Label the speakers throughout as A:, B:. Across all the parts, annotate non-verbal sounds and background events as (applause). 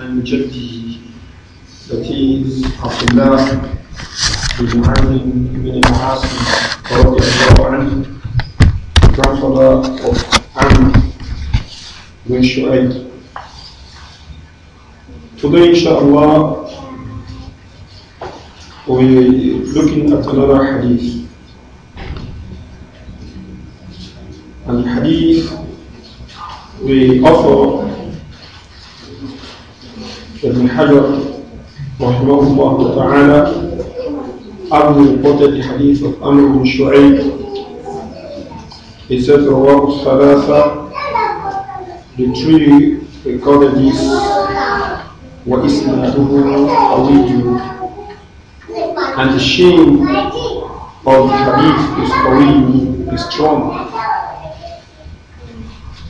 A: and عبد الله بن معاذ بن Azim رضي الله grandfather of عن bin شعيب Today, inshallah, are looking at another hadith. And hadith we offer ابن حجر رحمه الله تعالى أبو قتل حديث الأمر بن شعيب He said رواه الثلاثة The three recorded this وإسناده قوي And the shame of the hadith is قوي, is strong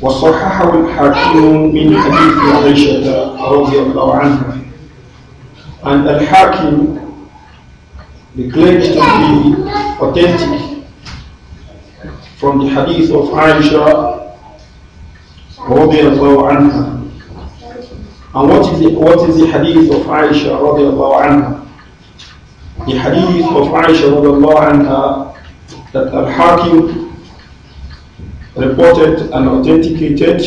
A: وصححه الحاكم من حديث عائشة رضي الله عنها and الحاكم declared to be authentic from the hadith of Aisha رضي الله عنها and what is the, what is the hadith of Aisha رضي الله عنها the hadith of Aisha رضي الله عنها that Al-Hakim reported and authenticated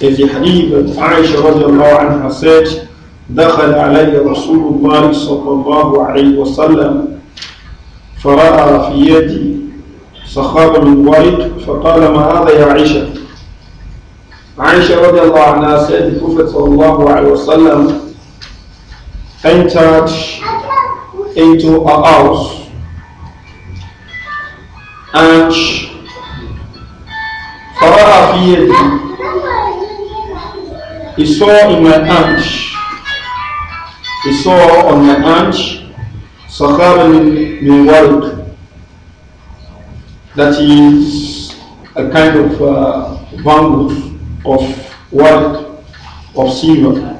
A: is the hadith that Aisha radiallahu anha said, دخل علي رسول الله صلى الله عليه وسلم فرأى في يدي صخابة من ورق فقال ما هذا يا عائشة Aisha رضي الله عنها said the Prophet صلى الله عليه وسلم entered into a house and I He saw in my hand, he saw on my hand, Sakhaban min work. That is a kind of uh, of work, of silver.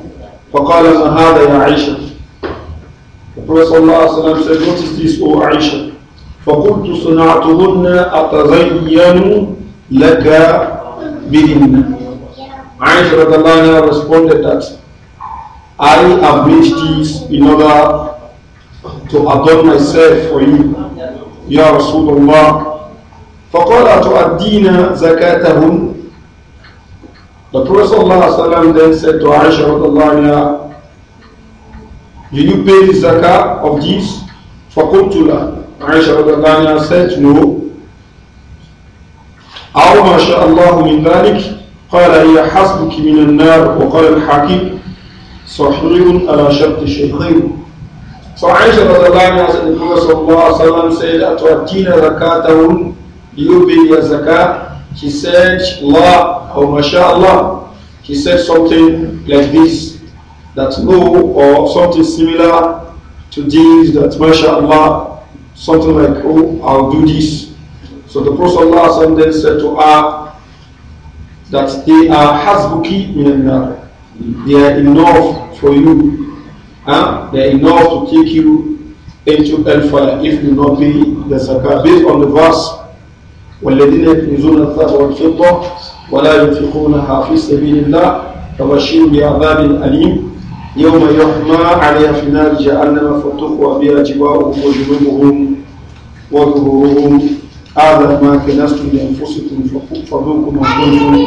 A: فقال ما هذا يا عائشة The Prophet صلى الله عليه وسلم said, What is this, O Aisha? فقلت صنعتهن أتزين let لك بهن Aisha Radhalana responded that I have made this in order to adorn myself for you Ya Rasulullah فقال تؤدين زكاتهم The Prophet ﷺ then said to Aisha Radhalana Do you pay the zakah of these? فقلت له Aisha Radhalana said no أو ما شاء الله من ذلك قال هي حسبك من النار وقال الحكيم صحيح على شرط الشيخين فعائشة رضي الله عنها صلى الله عليه وسلم سيد أتواتين زكاتهم ليبني الزكاة He said, Allah, or Masha'Allah, he said something like this, that no, or something similar to this, that Masha'Allah, something like, oh, I'll do this. So the Prophet then said to her that they are hasbuki minanar. They are enough for you. Huh? They are enough to take you into hellfire if you not pay the zakah. Based on the verse, والذين يكنزون الذهب والفضة ولا ينفقونها في سبيل الله فبشر بعذاب أليم يوم يحمى عليها في نار جهنم فتقوى بها جباههم وجنوبهم وظهورهم هذا ما كنستم لأنفسكم فذوقوا ما كنتم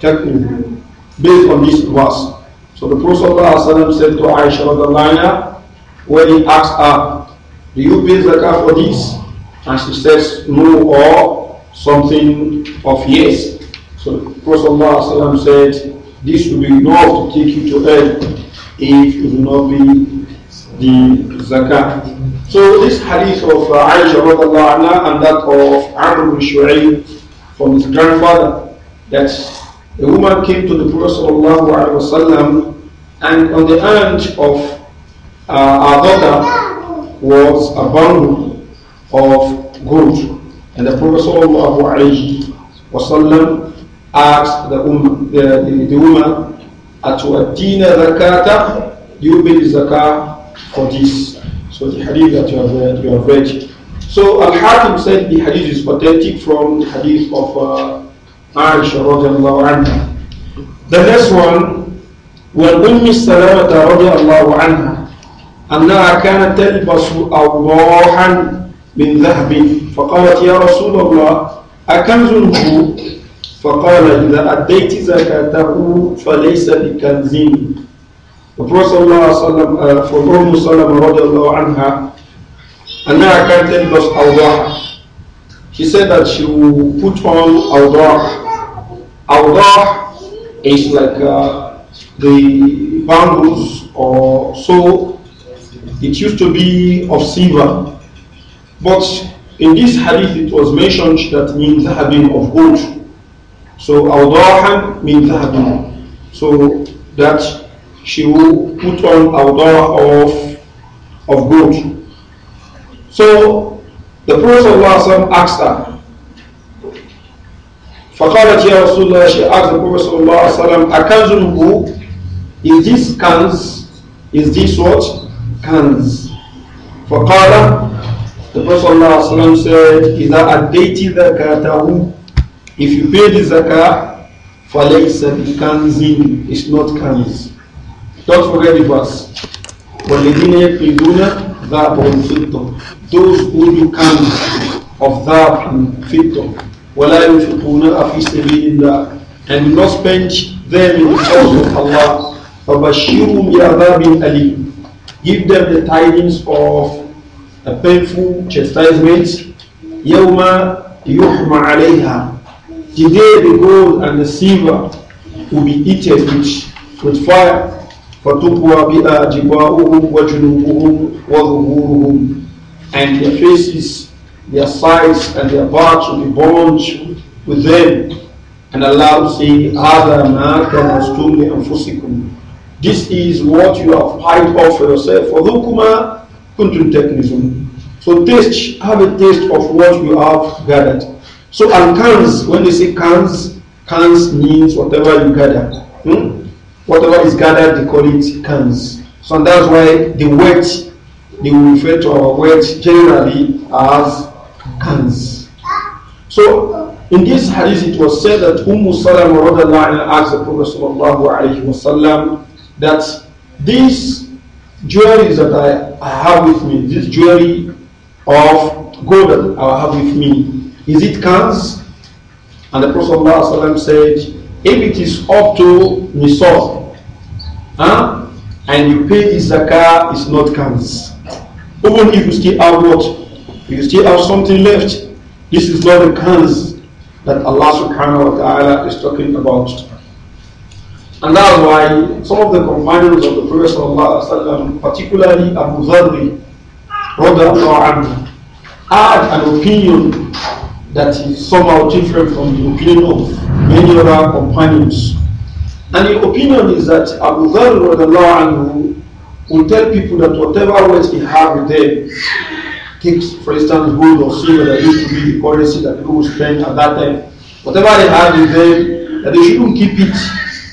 A: تكذبون based on this verse. So the Prophet said to Aisha anha, when he asked her, Do you pay zakah for this? And she says, No, or something of yes. So the Prophet said, This will be enough to take you to hell if you do not be the zakat. So this hadith of uh, Aisha anha, and that of Amr ibn Shu'ayb from his grandfather that a woman came to the Prophet wasallam and on the hand of uh, our daughter was a bundle of gold. And the Prophet wasallam asked the, woman, the, the, the woman, Atuatina zakata, you be the for this. So the hadith that you have, read, you have read. So Al-Hakim said the hadith is authentic from the hadith of uh, Aisha radiallahu anha. The next one, وَالْأُمِّ السَّلَامَةَ رَضِيَ اللَّهُ عَنْهَا أنها كانت تلبس أوضاحا من ذهب فقالت يا رسول الله أكنزه فقال إذا أديت زكاته فليس بكنز the Prophet sallam, uh, from Umm Salama and anha, Anna can't al awdah. She said that she will put on awdah. Awdah is like uh, the bangles or so. It used to be of silver, but in this hadith it was mentioned that means having of gold. So awdahan means dhahabin. So that she will put on a door of, of gold. So the Prophet ﷺ asked her, فقالت يا رسول الله she asked the Prophet صلى الله عليه وسلم أكنزه is this cans is this what cans فقال the Prophet صلى الله عليه وسلم said إذا أديت زكاته if you pay the zakah فليس بكنز it's not cans don't forget the verse. وَالَّذِينَ يَكْفِدُونَ ذَابَهُمْ فِطْتَ Those who do count of ذَابَهُمْ فِطْتَ وَلَا يُنْفِقُونَ فِي سَبِيلِ اللَّهِ And do not spend them in the cause of Allah. فَبَشِّرُهُمْ بِعَذَابٍ أَلِيمٍ Give them the tidings of a painful chastisement. يَوْمَ يُحْمَ عَلَيْهَا Today the gold and the silver will be eaten with, with fire. بِهَا وَجُنُوبُهُمْ وَظُهُورُهُمْ And their faces, their sides, and their parts will be burned with them. And Allah will say, هَذَا مَا كَنَسْتُمْ لِأَنفُسِكُمْ This is what you have piled off for yourself. وَذُوكُمَا كُنْتُمْ تَكْنِزُونَ So taste, have a taste of what you have gathered. So al-kanz, when they say kanz, kanz means whatever you gather. Hmm? Whatever is gathered, they call it cans. So that's why the wet, they will refer to our wet generally as cans. So in this hadith, it was said that Umm Salama asked the Prophet wasallam that these jewelry that I, I have with me, this jewelry of gold that I have with me, is it cans? And the Prophet ﷺ said, if it is up to nisab, huh? and you pay the zakah, it's not counts. Even if you still have what? You still have something left. This is not the counts that Allah subhanahu wa ta'ala is talking about. And that's why some of the companions of the Prophet وسلم, particularly Abu Dharri, anhu, had an opinion that is somehow different from the opinion of many other companions. And the opinion is that Abu Dharr will tell people that whatever wealth he have with them, kicks, for instance, gold or silver that used to be the currency that people spend at that time, whatever they have with them, that they shouldn't keep it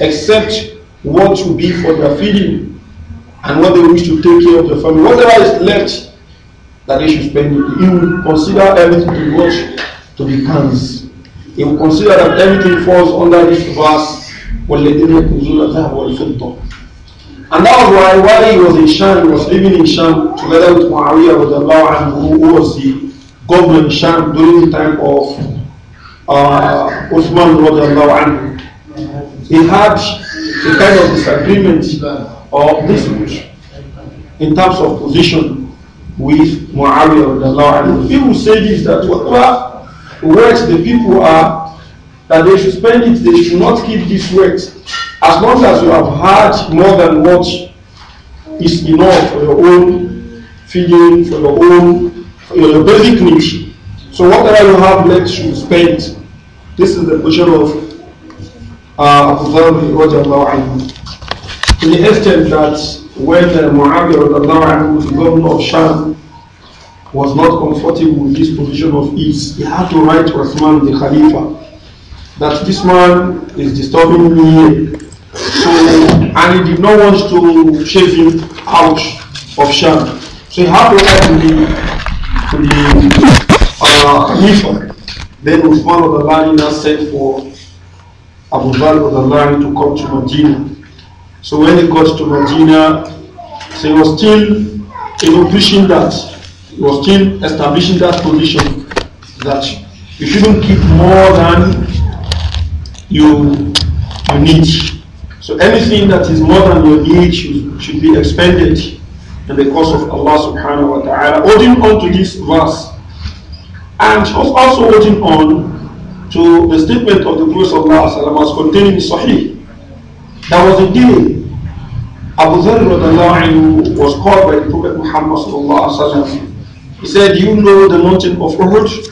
A: except what should be for their feeding and what they wish to take care of their family. Whatever is left, that they should spend it. He will consider everything to watch to be cans. He will consider that everything falls under this verse والذين يكنزون الذهب والفضة. And that was why while he was in Sham, he was living in Sham together with Muawiyah who, who was the governor in Sham during the time of uh, Uthman He had a kind of disagreement or dispute in terms of position with Muawiyah. People say this that whatever words the people are that they should spend it, they should not keep this weight. As long as you have had more than what is enough for your own feeding, for your own, for your basic needs. So whatever you have left, should spend. This is the position of uh, Abu Dhabi To the extent that when uh, Muawiyah was the governor of Sham, was not comfortable with this position of his, he had to write to Uthman the Khalifa that this man is disturbing me. So, and he did not want to shave him out of shame, So he had to go to the, to the uh, Khalifa. Then Uthman of the line now sent for Abu Bakr of the line to come to Medina. So when he got to Medina, so he was still you know, pushing that, he was still establishing that position that you shouldn't keep more than you you need. So anything that is more than your need should, should be expended in the cause of Allah subhanahu wa ta'ala. Holding on to this verse and also holding on to the statement of the Prophet Allah as contained in Sahih. There was a day Abu Dharr was called by the Prophet Muhammad. He said, You know the mountain of Uhud?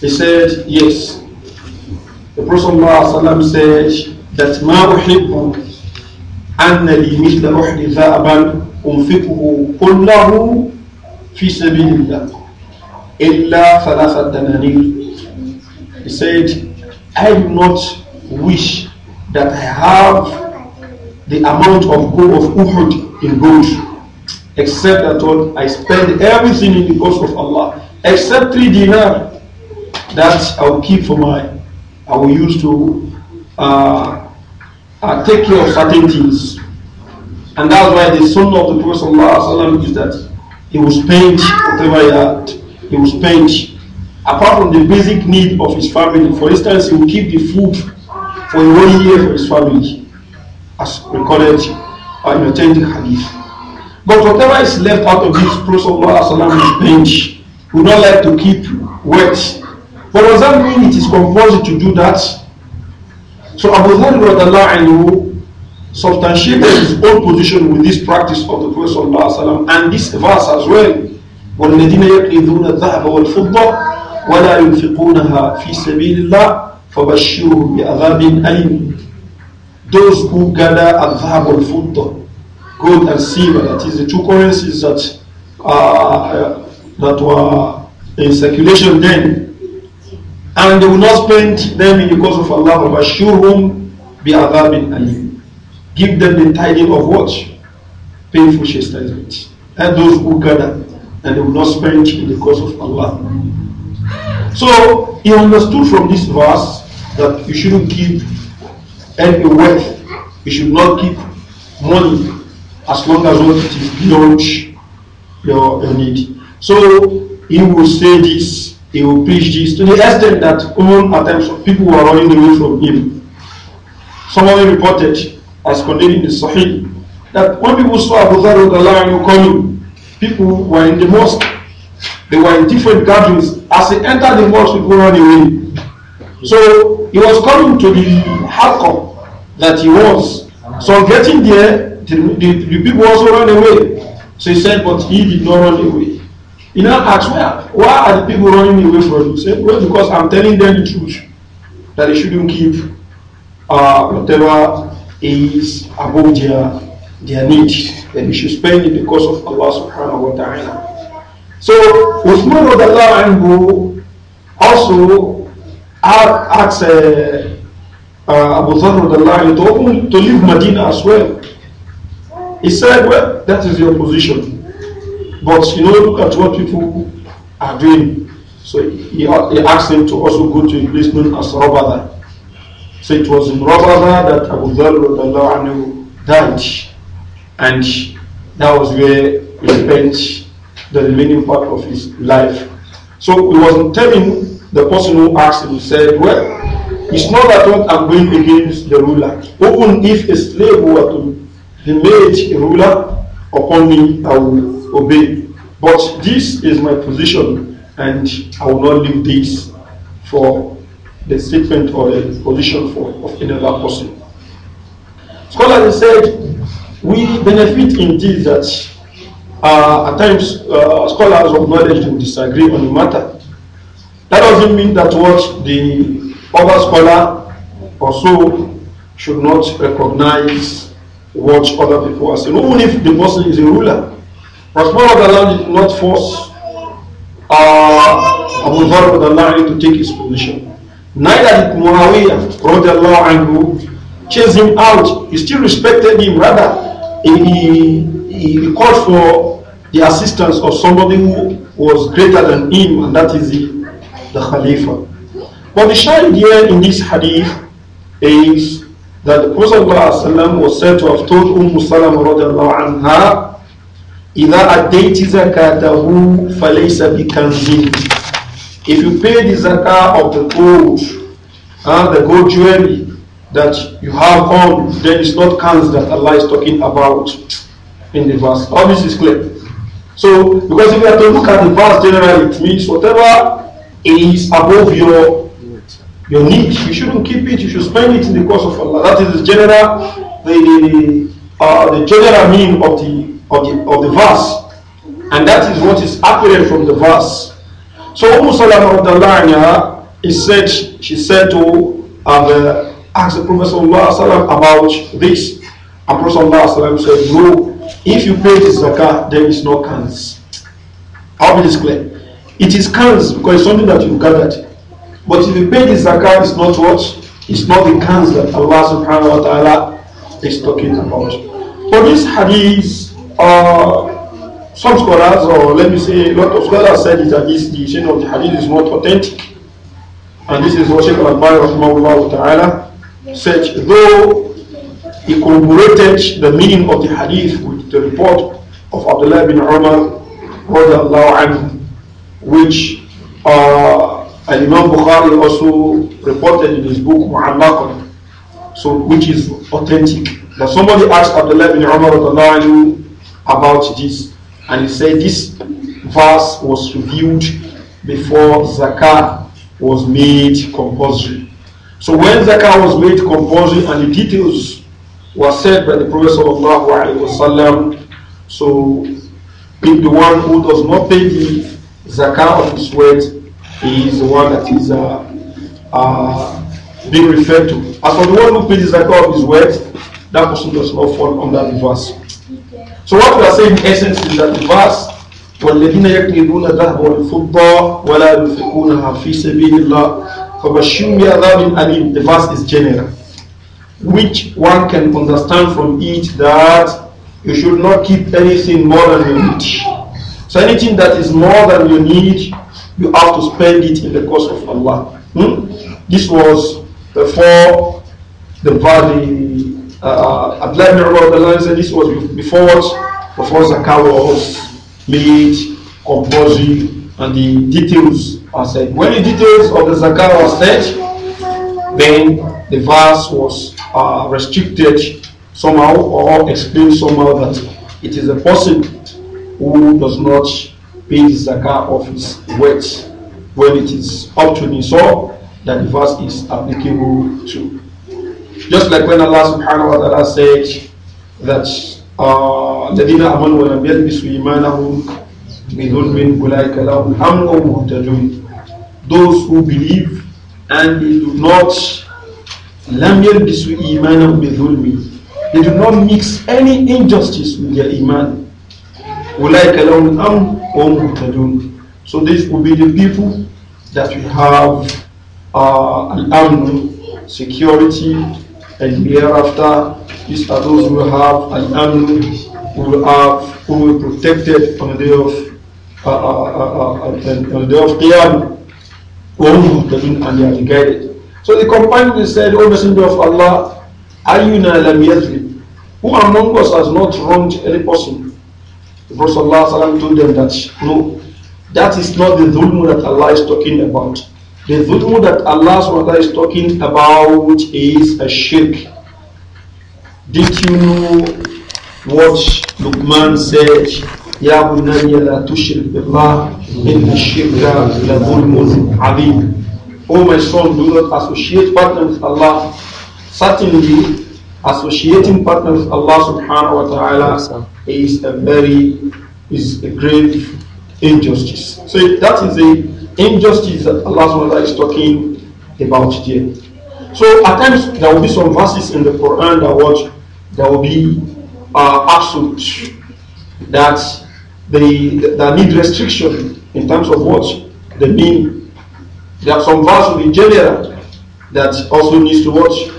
A: He said, Yes. The Prophet ﷺ said that ما أحب أن لي مثل أحد ذهبا أنفقه كله في سبيل illa إلا ثلاثة He said, I do not wish that I have the amount of gold of Uhud in gold, except that I spend everything in the cause of Allah, except three dinar that I will keep for my I will use to uh, uh, take care of certain things. And that's why the sunnah of the Prophet ﷺ is that he will spend whatever he had, he will spend. Apart from the basic need of his family, for instance, he will keep the food for a whole year for his family, as recorded uh, in authentic hadith. But whatever is left out of this, Prophet ﷺ will spend. He would not like to keep wet but does that mean it is compulsory to do that? So Abu Dhabi substantiated his own position with this practice of the Prophet ﷺ, and this verse as well. والذين يكنزون الذهب والفضة ولا ينفقونها في سبيل الله فبشرهم بعذاب أليم Those who gather الذهب والفضة gold and silver that is the two currencies that uh, that were in circulation then and they will not spend them in the cause of Allah, but show whom be Adabin and Give them the tidings of what? Painful chastisement. And those who gather, and they will not spend in the cause of Allah. So he understood from this verse that you shouldn't keep any wealth, you should not keep money as long as what it is beyond your, your need. So he will say this he will preach this to the extent that even attempts of people were running away from him. Someone reported, as contained in the Sahih, that when people saw Abu Dharr al coming, people were in the mosque. They were in different gatherings. As he entered the mosque, people ran away. So he was coming to the halqa that he was. So getting there, the, the, the people also ran away. So he said, but he did not run away. You now ask, well, why are the people running away from you? well, because I'm telling them the truth that they shouldn't give uh, whatever is above their, their need. That you should spend it because of Allah subhanahu wa ta'ala. So, Uthman anhu also asked uh, uh, Abu Dharr to, to leave Medina as well. He said, well, that is your position. But you know, look at what people are doing. So he, he asked him to also go to a place known as Rabada. So it was in Rabada that Abu Dhar died. And that was where he spent the remaining part of his life. So he was telling the person who asked him, he said, Well, it's not that what I'm going against the ruler. Even if a slave were to be made a ruler upon me, I will obey. But this is my position, and I will not leave this for the statement or the position for, of another person. Scholars said we benefit in this that uh, at times uh, scholars of knowledge will disagree on the matter. That doesn't mean that what the other scholar also should not recognize what other people are saying, even if the person is a ruler. But Muhammad did not force uh, Abu Bakr to take his position. Neither did Muawiyah anhu, chase him out. He still respected him. Rather, he, he, he called for the assistance of somebody who was greater than him, and that is the, the Khalifa. But the shahid here in this hadith is that the Prophet was said to have told Umm Salama anha إِذَا أَتَيْتِ زَكَاتَهُ فَلَيْسَ بِكَنْزٍ If you pay the zakah of the gold, uh, the gold jewelry that you have on, then it's not kanz that Allah is talking about in the verse. All this is clear. So, because if you have to look at the verse generally, it means whatever is above your your need, you shouldn't keep it. You should spend it in the cause of Allah. That is the general, the the, uh, the general meaning of the of the, of the verse. And that is what is apparent from the verse. So Umm Salama of said, she said to have uh, asked the Prophet about this. And Prophet said, No, if you pay this zakah, there is no cans. I'll be this clear. It is cans because it's something that you gathered. But if you pay this zakah, it's not what? It's not the cans that Allah subhanahu wa ta'ala is talking about. For this hadith, uh, some scholars, or let me say, a lot of scholars said that this, chain of the hadith is not authentic. And this is what Sheikh Al-Albani ta'ala said, though he corroborated the meaning of the hadith with the report of Abdullah bin Umar which uh, Imam Bukhari also reported in his book Mu'allaqan, so which is authentic. That somebody asked Abdullah bin Umar about this. And he said this verse was revealed before zakah was made compulsory. So when zakah was made compulsory and the details were said by the Prophet sallallahu alaihi wasallam, so if the one who does not pay the zakah of his wealth is the one that is uh, uh, being referred to. As for the one who pays the zakah of his wealth, that person does not fall under the verse. So what we are saying in essence is that the verse والذين يكنزون ذَهَبَ والفضة ولا ينفقونها في سبيل الله فبشرهم بعذاب أليم The verse is general which one can understand from it that you should not keep anything more than you need. So anything that is more than you need, you have to spend it in the cause of Allah. Hmm? This was before the, body. Uh, uh, Abdullah the Umar said this was before what? Before Zakah was made composing and the details are said. When the details of the Zakah was said, then the verse was uh, restricted somehow or explained somehow that it is a person who does not pay the Zakah of his wealth when it is up to So that the verse is applicable to. Just like when Allah subhanahu wa ta'ala said that uh, الَّذِينَ آمَنُوا وَلَمْ يَلْبِسُوا إِيمَانَهُمْ بِظُلْمٍ أُولَٰئِكَ لَهُمْ الْأَمْنُ وَهُمْ مُهْتَدُونَ Those who believe and they do not لَمْ يَلْبِسُوا إِيمَانَهُمْ بِظُلْمٍ They do not mix any injustice with their iman. أُولَٰئِكَ لَهُمْ الْأَمْنُ وَهُمْ مُهْتَدُونَ So these will be the people that we have uh, al-amn, security, and hereafter, these are those who have an amn, who have who will be protected on the day of uh, uh, uh, uh, uh on the day of Qiyam. Um, and they are guided. So the companion said, O Messenger of Allah, Ayuna lam yadrib. Who among us has not wronged any person? The Prophet told them that no, that is not the dhulm that Allah is talking about. The dhulm that Allah SWT is talking about is a shirk. Did you know what Luqman said? يا بني لا تشرك بالله إن la لظلم عظيم O my son, do not associate partners with Allah. Certainly, associating partners with Allah subhanahu wa ta'ala is a very, is a grave injustice. So that is a injustice that Allah SWT is talking about today. So at times there will be some verses in the Quran that watch there will be uh, absolute that they that need restriction in terms of what they mean. There are some verses in general that also needs to watch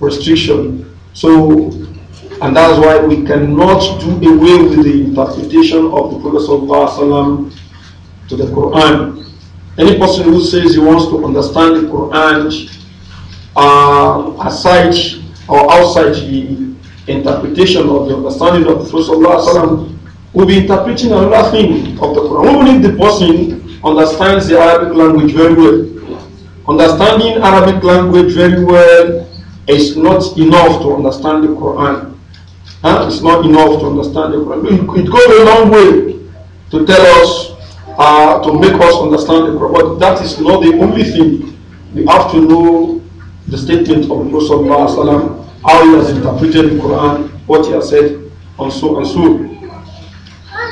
A: restriction. So and that's why we cannot do away with the interpretation of the Prophet to the Quran any person who says he wants to understand the Quran uh, aside or outside the interpretation of the understanding of the Prophet will be interpreting another thing of the Quran. Only the person understands the Arabic language very well, understanding Arabic language very well is not enough to understand the Quran.
B: Huh? It's not enough to understand the Quran. it goes a long way to tell us uh, to make us understand the Quran. But that is
A: not the only thing. We have to know the statement of Rasulullah how he has interpreted the Quran, what he has said, and so and so.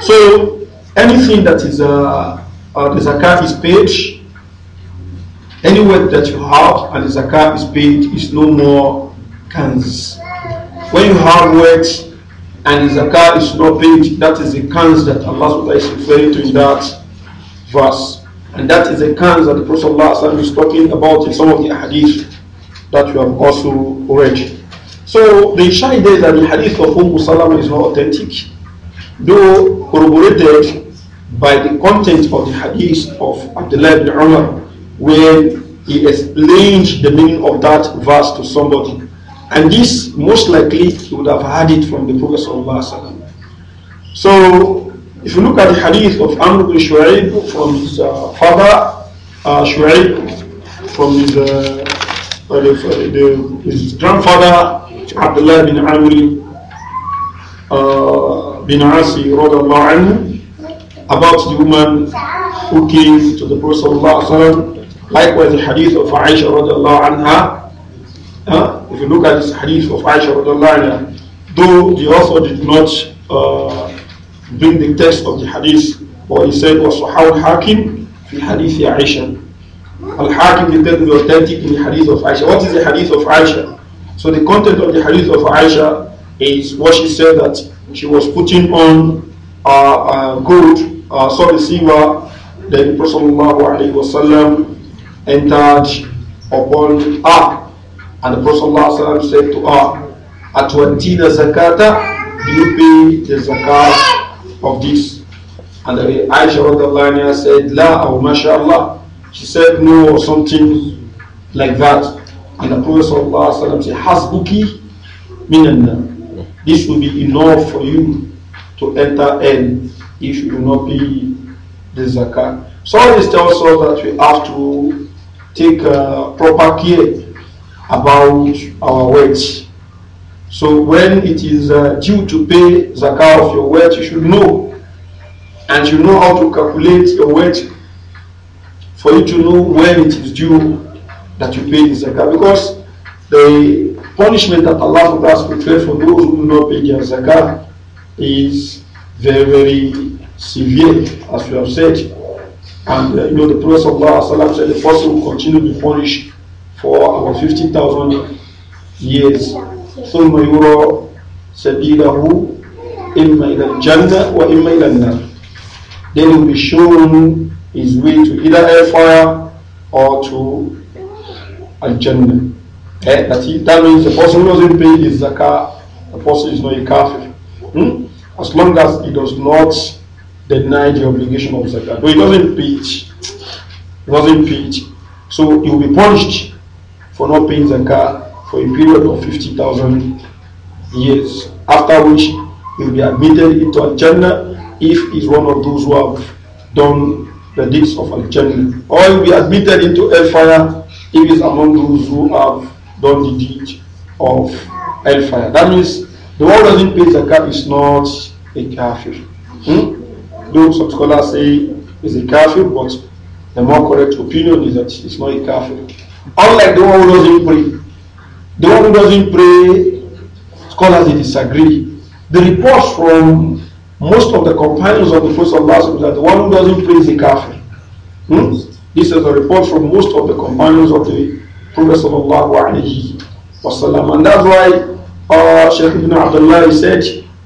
A: So anything that is uh, uh, the zakat is paid, any work that you have and the zakat is paid is no more cans. When you have works and the zakat is not paid, that is the cans that Allah is referring to in that verse. And that is the kanz that the Prophet is talking about in some of the hadith that you have also read. So the Shia is that the hadith of Umm Salama is not authentic, though corroborated by the content of the hadith of Abdullah ibn Umar when he explained the meaning of that verse to somebody. And this most likely he would have had it from the Prophet. So if you look at the hadith of Amr ibn Shu'aib from his uh, father, uh, Shu'aib, from his, uh, uh, the, his grandfather, Abdullah bin Amr uh, bin Asi, anhu, about the woman who came to the Prophet sallallahu Likewise, the hadith of Aisha radiallahu anha. Uh, if you look at this hadith of Aisha radiallahu anha, though the author did not uh, bring the text of the hadith. But he said, was, al-Hakim fi فِي Aisha." عَيْشَةٍ Al-Hakim is the authentic in the hadith of Aisha. What is the hadith of Aisha? So the content of the hadith of Aisha is what she said that she was putting on uh, uh, gold, uh, sorry, silver. Then the Prophet entered upon her. And the Prophet wasallam said to her, Atwantina zakata, do you pay the zakat of this. And Aisha said, La or oh, mashaallah She said no or something like that. And the Prophet said, Hasbuki minanna. This will be enough for you to enter in, if you do not be the zakat. So this tells us that we have to take uh, proper care about our words. So when it is uh, due to pay zakah of your wealth, you should know. And you know how to calculate your wealth for you to know when it is due that you pay the zakah. Because the punishment that Allah has prepared for those who do not pay their zakah is very, very severe, as we have said. And uh, you know, the Prophet Allah, said the person will continue to be punished for about 50,000 years. ثم يرى سبيله إما إلى الجنة وإما إلى النار then he'll be shown his way to either hellfire or to al-Jannah eh? that, he, that means the person who doesn't pay his zakah the person is not a kafir hmm? as long as he does not deny the obligation of zakah but he doesn't pay it he doesn't pay it so he will be punished for not paying zakah for a period of 50,000 years, after which he will be admitted into Al Jannah if he's one of those who have done the deeds of Al Jannah, or he will be admitted into Hellfire if he's among those who have done the deeds of Hellfire. That means the one who doesn't pay zakat is not a kafir. Hmm? Though some scholars say is a kafir, but the more correct opinion is that it's not a kafir. Unlike the one who doesn't pray. The one who doesn't pray, scholars they disagree. The reports from most of the companions of the Prophet Sallallahu that the one who doesn't pray is a kafir. Hmm? This is a report from most of the companions of the Prophet Sallallahu Alaihi Wasallam. And that's why uh, Shaykh Ibn Abdullah said,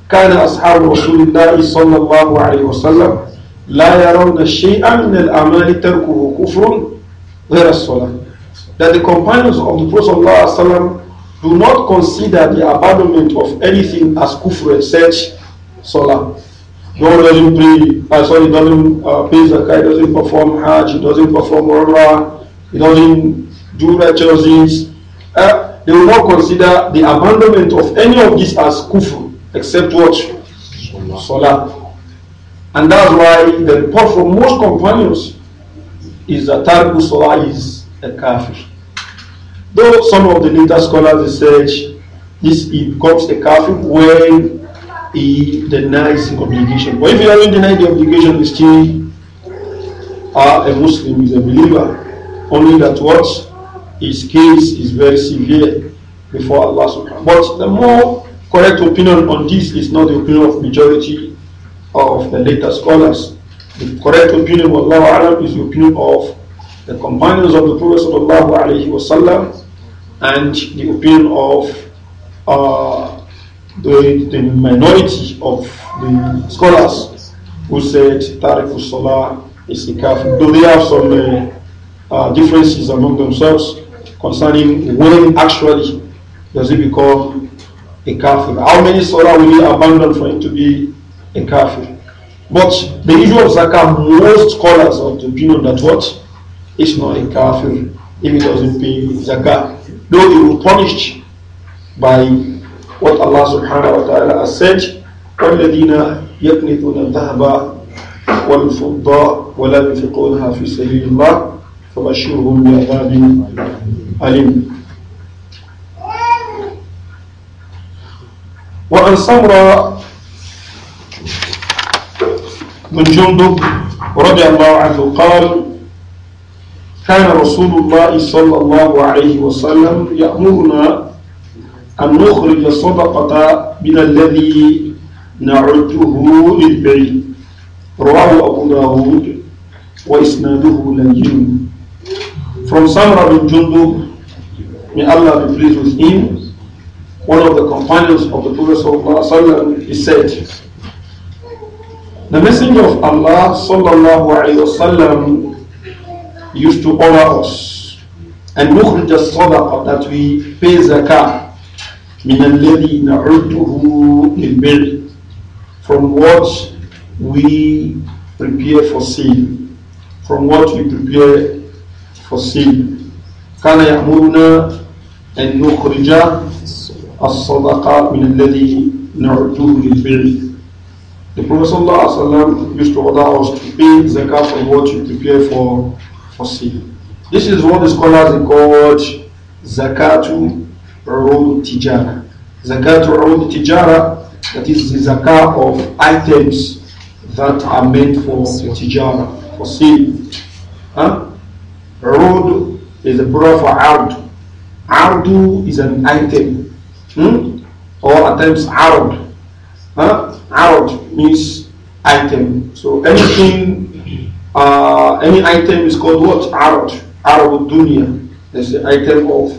A: كان أصحاب رسول الله صلى الله عليه وسلم لا يرون شيئا من الأعمال تركه كفر غير الصلاة. That the companions of the Prophet Sallallahu Alaihi Wasallam do not consider the abandonment of anything as kufr except salah. God doesn't pray, uh, sorry, doesn't uh, pay He doesn't perform hajj, He doesn't perform umrah, he doesn't do righteous deeds. Uh, they will not consider the abandonment of any of this as kufr except what? Salah. And that's why the report from most companions is that Tarku Salah is a kafir. Though some of the later scholars research, this he becomes a kafir when he denies the obligation. But if he doesn't deny the obligation, he still are a Muslim, is a believer. Only that what his case is very severe before Allah subhanahu But the more correct opinion on this is not the opinion of majority of the later scholars. The correct opinion of Allah is the opinion of the companions of the Prophet وسلم, and the opinion of uh, the, the minority of the scholars who said Tariq Salah is a kafir. Though they have some uh, uh, differences among themselves concerning when actually does he become a kafir. How many Salah will he abandon for him to be a kafir? But the issue of zakah, most scholars of the opinion that what is not a kafir if he doesn't pay zakat. Though he will be punished by what Allah subhanahu wa ta'ala has said, وَالَّذِينَ يَقْنِثُونَ الذَّهَبَ وَالْفُضَّى ولا ينفقونها في سبيل الله فبشرهم بعذاب أليم وعن سمرة بن جندب رضي الله عنه قال كان رسول الله صلى الله عليه وسلم يأمرنا أن نخرج صدقة من الذي نعده للبيع رواه أبو داود وإسناده لين From Samra bin Jundub, may Allah be pleased with him, one of the companions of the Prophet ﷺ, he said, The Messenger of Allah sallallahu alayhi wa sallam used to order us. And مخرج الصدقة that we pay zakah من الذي نعده للبر from what we prepare for sin from what we prepare for sin كان يأمرنا أن نخرج الصدقة من الذي نعده للبر The Prophet used to order us to pay zakat from what we prepare for possible. This is what the scholars called zakatu urud tijara. Zakatu urud tijara, that is the zakah of items that are meant for tijara, for sale. Huh? Urud is a plural for ard. Ardu is an item. Hmm? Or at times ard. Huh? Ard means item. So anything uh, any item is called what? Arad. Arab dunya. That's the item of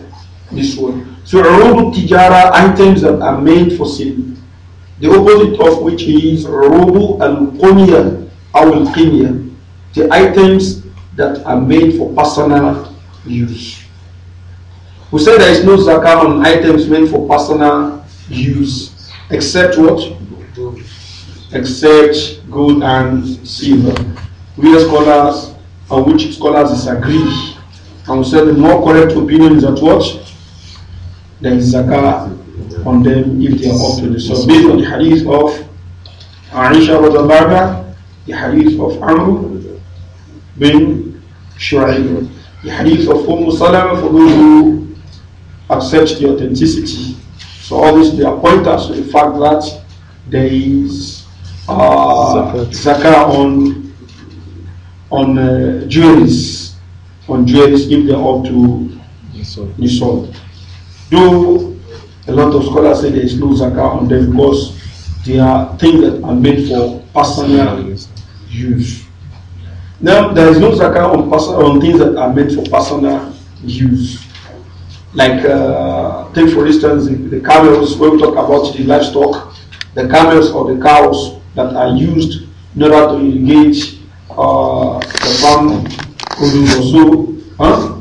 A: this one. So urud tijara items that are made for sale. The opposite of which is rubu al-qunya al The items that are made for personal use. We say there is no zakah on items made for personal use, except what? Except gold and silver where scholars and which scholars disagree. And said the more correct opinion is that what? There is zakah on them if they are up to this. So based on the hadith of Aisha Radallahu, the hadith of Amr bin Shu'ayb, the hadith of Umm Salama for those who accept the authenticity. So all these they are pointers to the fact that there is uh, zakah on on uh, juries, on jewels, if they ought to be sold. Though a lot of scholars say there is no zakah on them because they are things that are made for personal use. Now, there is no zakah on, on things that are meant for personal use. Like, uh, take for instance the, the camels, when we talk about the livestock, the camels or the cows that are used in order to engage the perform wudu huh?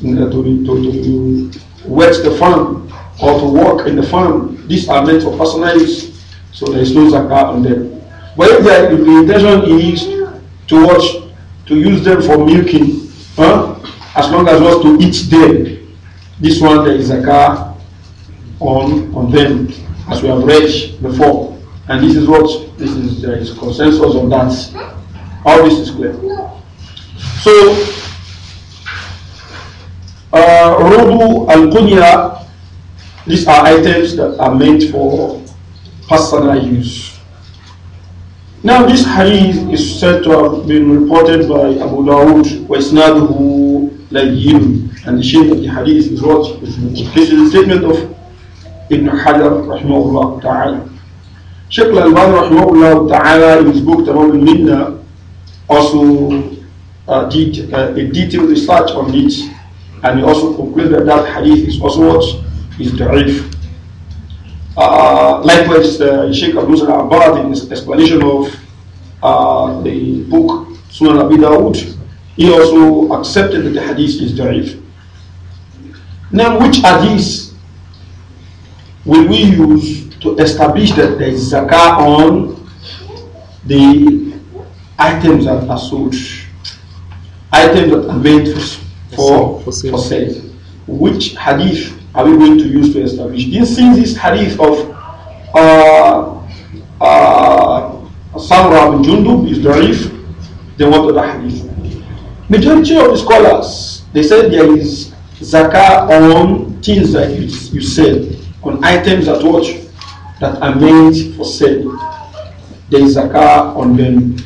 A: to, to, to, wet the farm or to work in the farm. These are meant for personal use, so there is no zakat on them. But if the, intention is to watch, to use them for milking, huh? as long as not to eat them, this one there is zakat on, on them, as we have read before. And this is what this is there is consensus on that. All this is clear. So, uh, Rubu and Kunya, these are items that are meant for personal use. Now, this hadith is said to have been reported by Abu Dawood, like him And the shape of the hadith is what? This is the statement of Ibn Hajar, rahimahullah ta'ala. sheik Al-Albani, rahimahullah ta'ala, in his book, Tamam al-Minna, also uh, did uh, a detailed research on it, and he also concluded that hadith is also what is the Uh, likewise, uh, Sheikh Abdul Salam Abbad, in his explanation of uh, the book Sunan Abi Dawud, he also accepted that the hadith is da'if. Now, which hadith will we use to establish that there is zakah on the items that are sold, items that are made for, for, sale. for sale. Which hadith are we going to use to establish? This since this hadith of uh, uh, Samra bin Jundub is da'if, then what other hadith? Majority of the scholars, they said there is zakah on things that you, you sell, on items that watch that are made for sale. There is zakah on them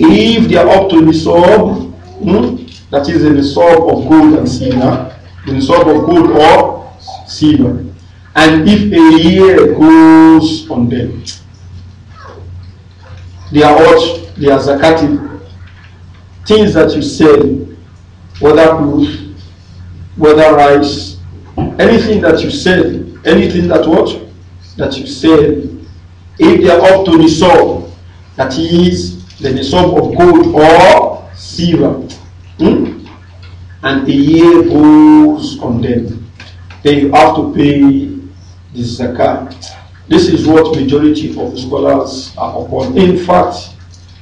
A: if they are up to the sub, hmm, that is in the sub of gold and silver, in the sub of gold or silver, and if a year goes on them, they are what they are zakati. Things that you sell, whether clothes, whether rice, anything that you sell, anything that what that you sell, if they are up to the soul, that is the nisab of gold or silver. Hmm? And a year goes on them. Then you have to pay the zakat. This is what majority of scholars are upon. In fact,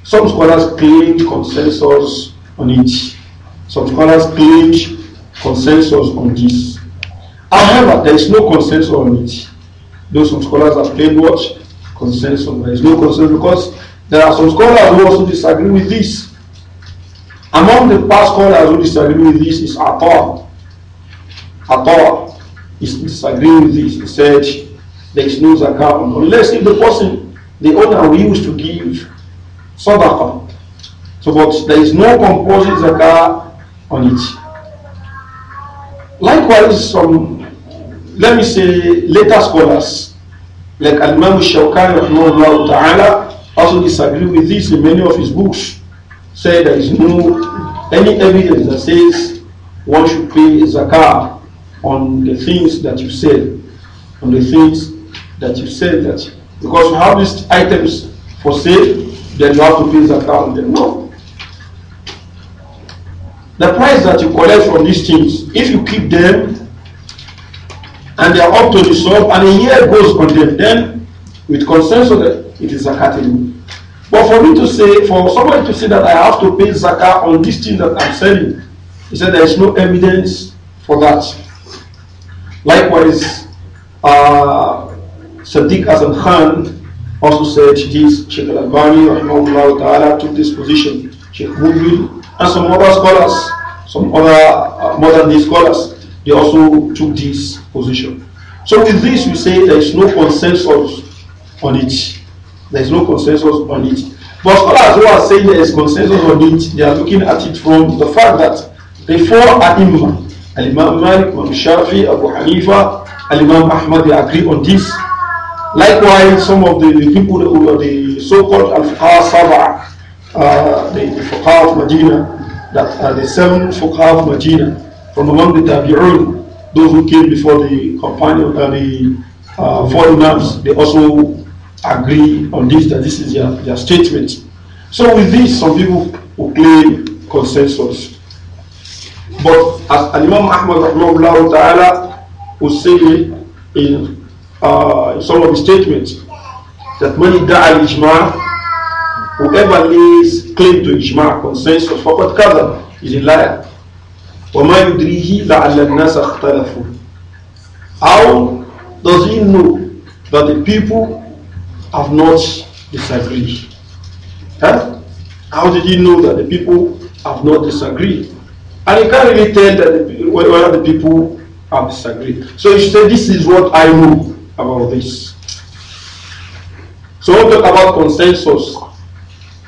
A: some scholars claim consensus on it. Some scholars claim consensus on this. However, there is no consensus on it. Though some scholars have claimed what? Consensus. There is no consensus because there are some scholars who also disagree with this. Among the past scholars who disagree with this is Atar. Atar is disagreeing with this. He said there is no zakat unless if the person, the owner, wills to give sadaqah. So, but there is no compulsory zakat on it. Likewise, some, let me say, later scholars like Al-Imam Shawkani, ta'ala, also disagree with this in many of his books, say there is no any evidence that says one should pay zakah on the things that you sell, on the things that you sell that because you have these items for sale, then you have to pay zakah on them. No. The price that you collect from these things, if you keep them and they are up to the sum and a year goes on them, then with consensus it is zakatable. But for me to say, for somebody to say that I have to pay zakat on this thing that I'm selling, he said there is no evidence for that. Likewise, uh, Sadiq Azam Khan also said this. Sheikh Al-Albani took this position. Sheikh Mubin and some other scholars, some other uh, modern day scholars, they also took this position. So with this, we say there is no consensus on it. There's no consensus on it. But scholars who are saying there is consensus on it, they are looking at it from the fact that before Imam, Al-Imam Malik, Imam Shafi, Abu Hanifa, Al-Imam Ahmad, they agree on this. Likewise, some of the, the people, who the so-called Al-Fuqaha Sabah, uh, the, the Fuqaha of Medina, that are uh, the seven Fuqaha of Medina, from among the Tabi'un, those who came before the companion, uh, the uh, four Imams, they also agree on this, that this is their, their statement. So with this, some people will claim consensus. But as Imam Ahmad rahmahullah ta'ala will say in, uh, in some of his statements, that when da'a ijma, whoever lays claim to ijma, consensus, faqad kadha, is a liar. وَمَا يُدْرِيهِ لَعَلَّ النَّاسَ اخْتَلَفُوا How does he know that the people have not disagreed. Huh? How did you know that the people have not disagreed? And you can't really tell that the, whether the people have disagreed. So you say, This is what I know about this. So we we'll talk about consensus.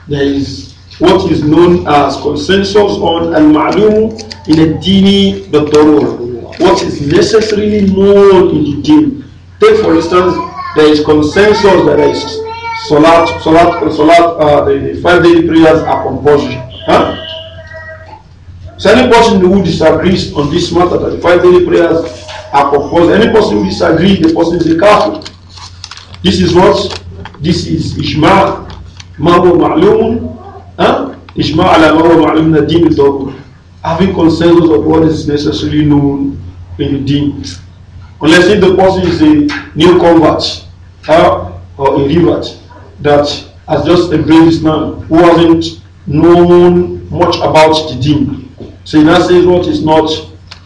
A: There is what is known as consensus on al-ma'lum in a what is necessarily known in the deen. Take for instance there is consensus that there is salat, salat, salat, uh, the five daily prayers are compulsory. Huh? So any person who disagrees on this matter that the five daily prayers are compulsory, any person who disagrees, the person is a kafir. This is what? This is Ishma, Mahu Ma'lumun, huh? Ishma ala Mahu Ma'lumun Nadim Having consensus of what is necessarily known in the deen. Unless if the person is a new convert uh, or a revert that has just embraced Islam, who hasn't known much about the deen. So in that sense, what is not,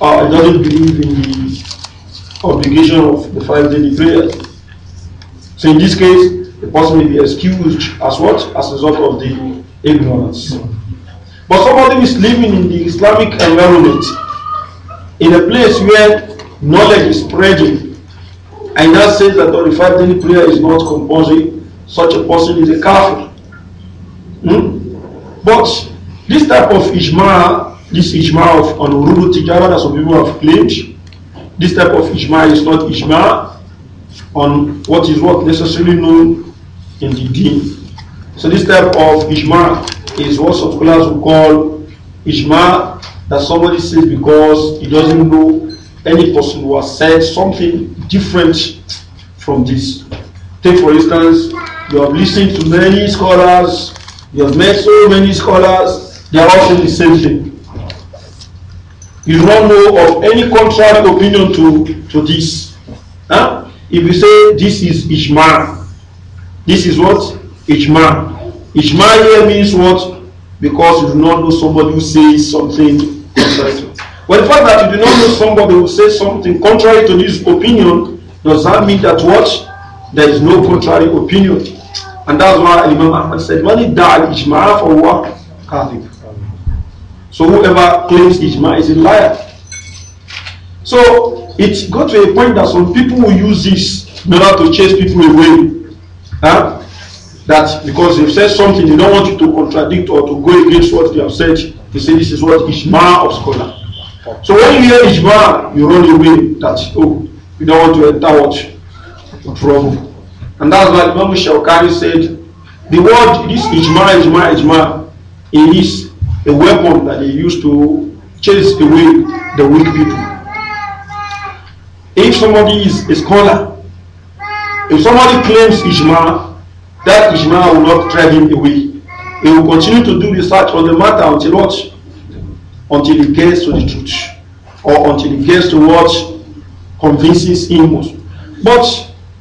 A: uh, doesn't believe in the obligation of the five daily prayer. So in this case, the person may be excused as what? As a result of the ignorance. But somebody is living in the Islamic environment, in a place where knowledge is spreading, and that say that the daily prayer is not compulsory, such a person is a kafir. Hmm? But this type of ijma, this ijma of on Urubu Tijara that some people have claimed, this type of ijma is not ijma on what is what necessarily known in the deen. So this type of ijma is what some scholars will call ijma that somebody says because he doesn't know any person who has said something different from this. Take, for instance, you have listened to many scholars, you have met so many scholars, they are all saying the same thing. You don't know of any contrary opinion to, to this. Huh? If you say this is Ijma, this is what? Ijma. Ijma here means what? Because you do not know somebody who says something contrary well, the fact that you do not know somebody who says something contrary to his opinion, does that mean that what? There is no contrary opinion. And that's why Imam Ahmad said, Mani died ijma'a for what? Kathib. So whoever claims Ishmael is a liar. So it got to a point that some people will use this in order to chase people away. Huh? That because they've said something, they don't want you to contradict or to go against what they have said. They say this is what Ishmael of scholar. So when you hear Ijma, you run away that, oh, we don't want to enter what? Trouble. And that's why Imam Shawkani said, the word, this Ijma, Ijma, Ijma, it is a weapon that they used to chase away the weak people. If somebody is a scholar, if somebody claims Ijma, that Ijma will not drive him away. He will continue to do research on the matter until what? until he gets to the truth or until he gets to what convinces him most. But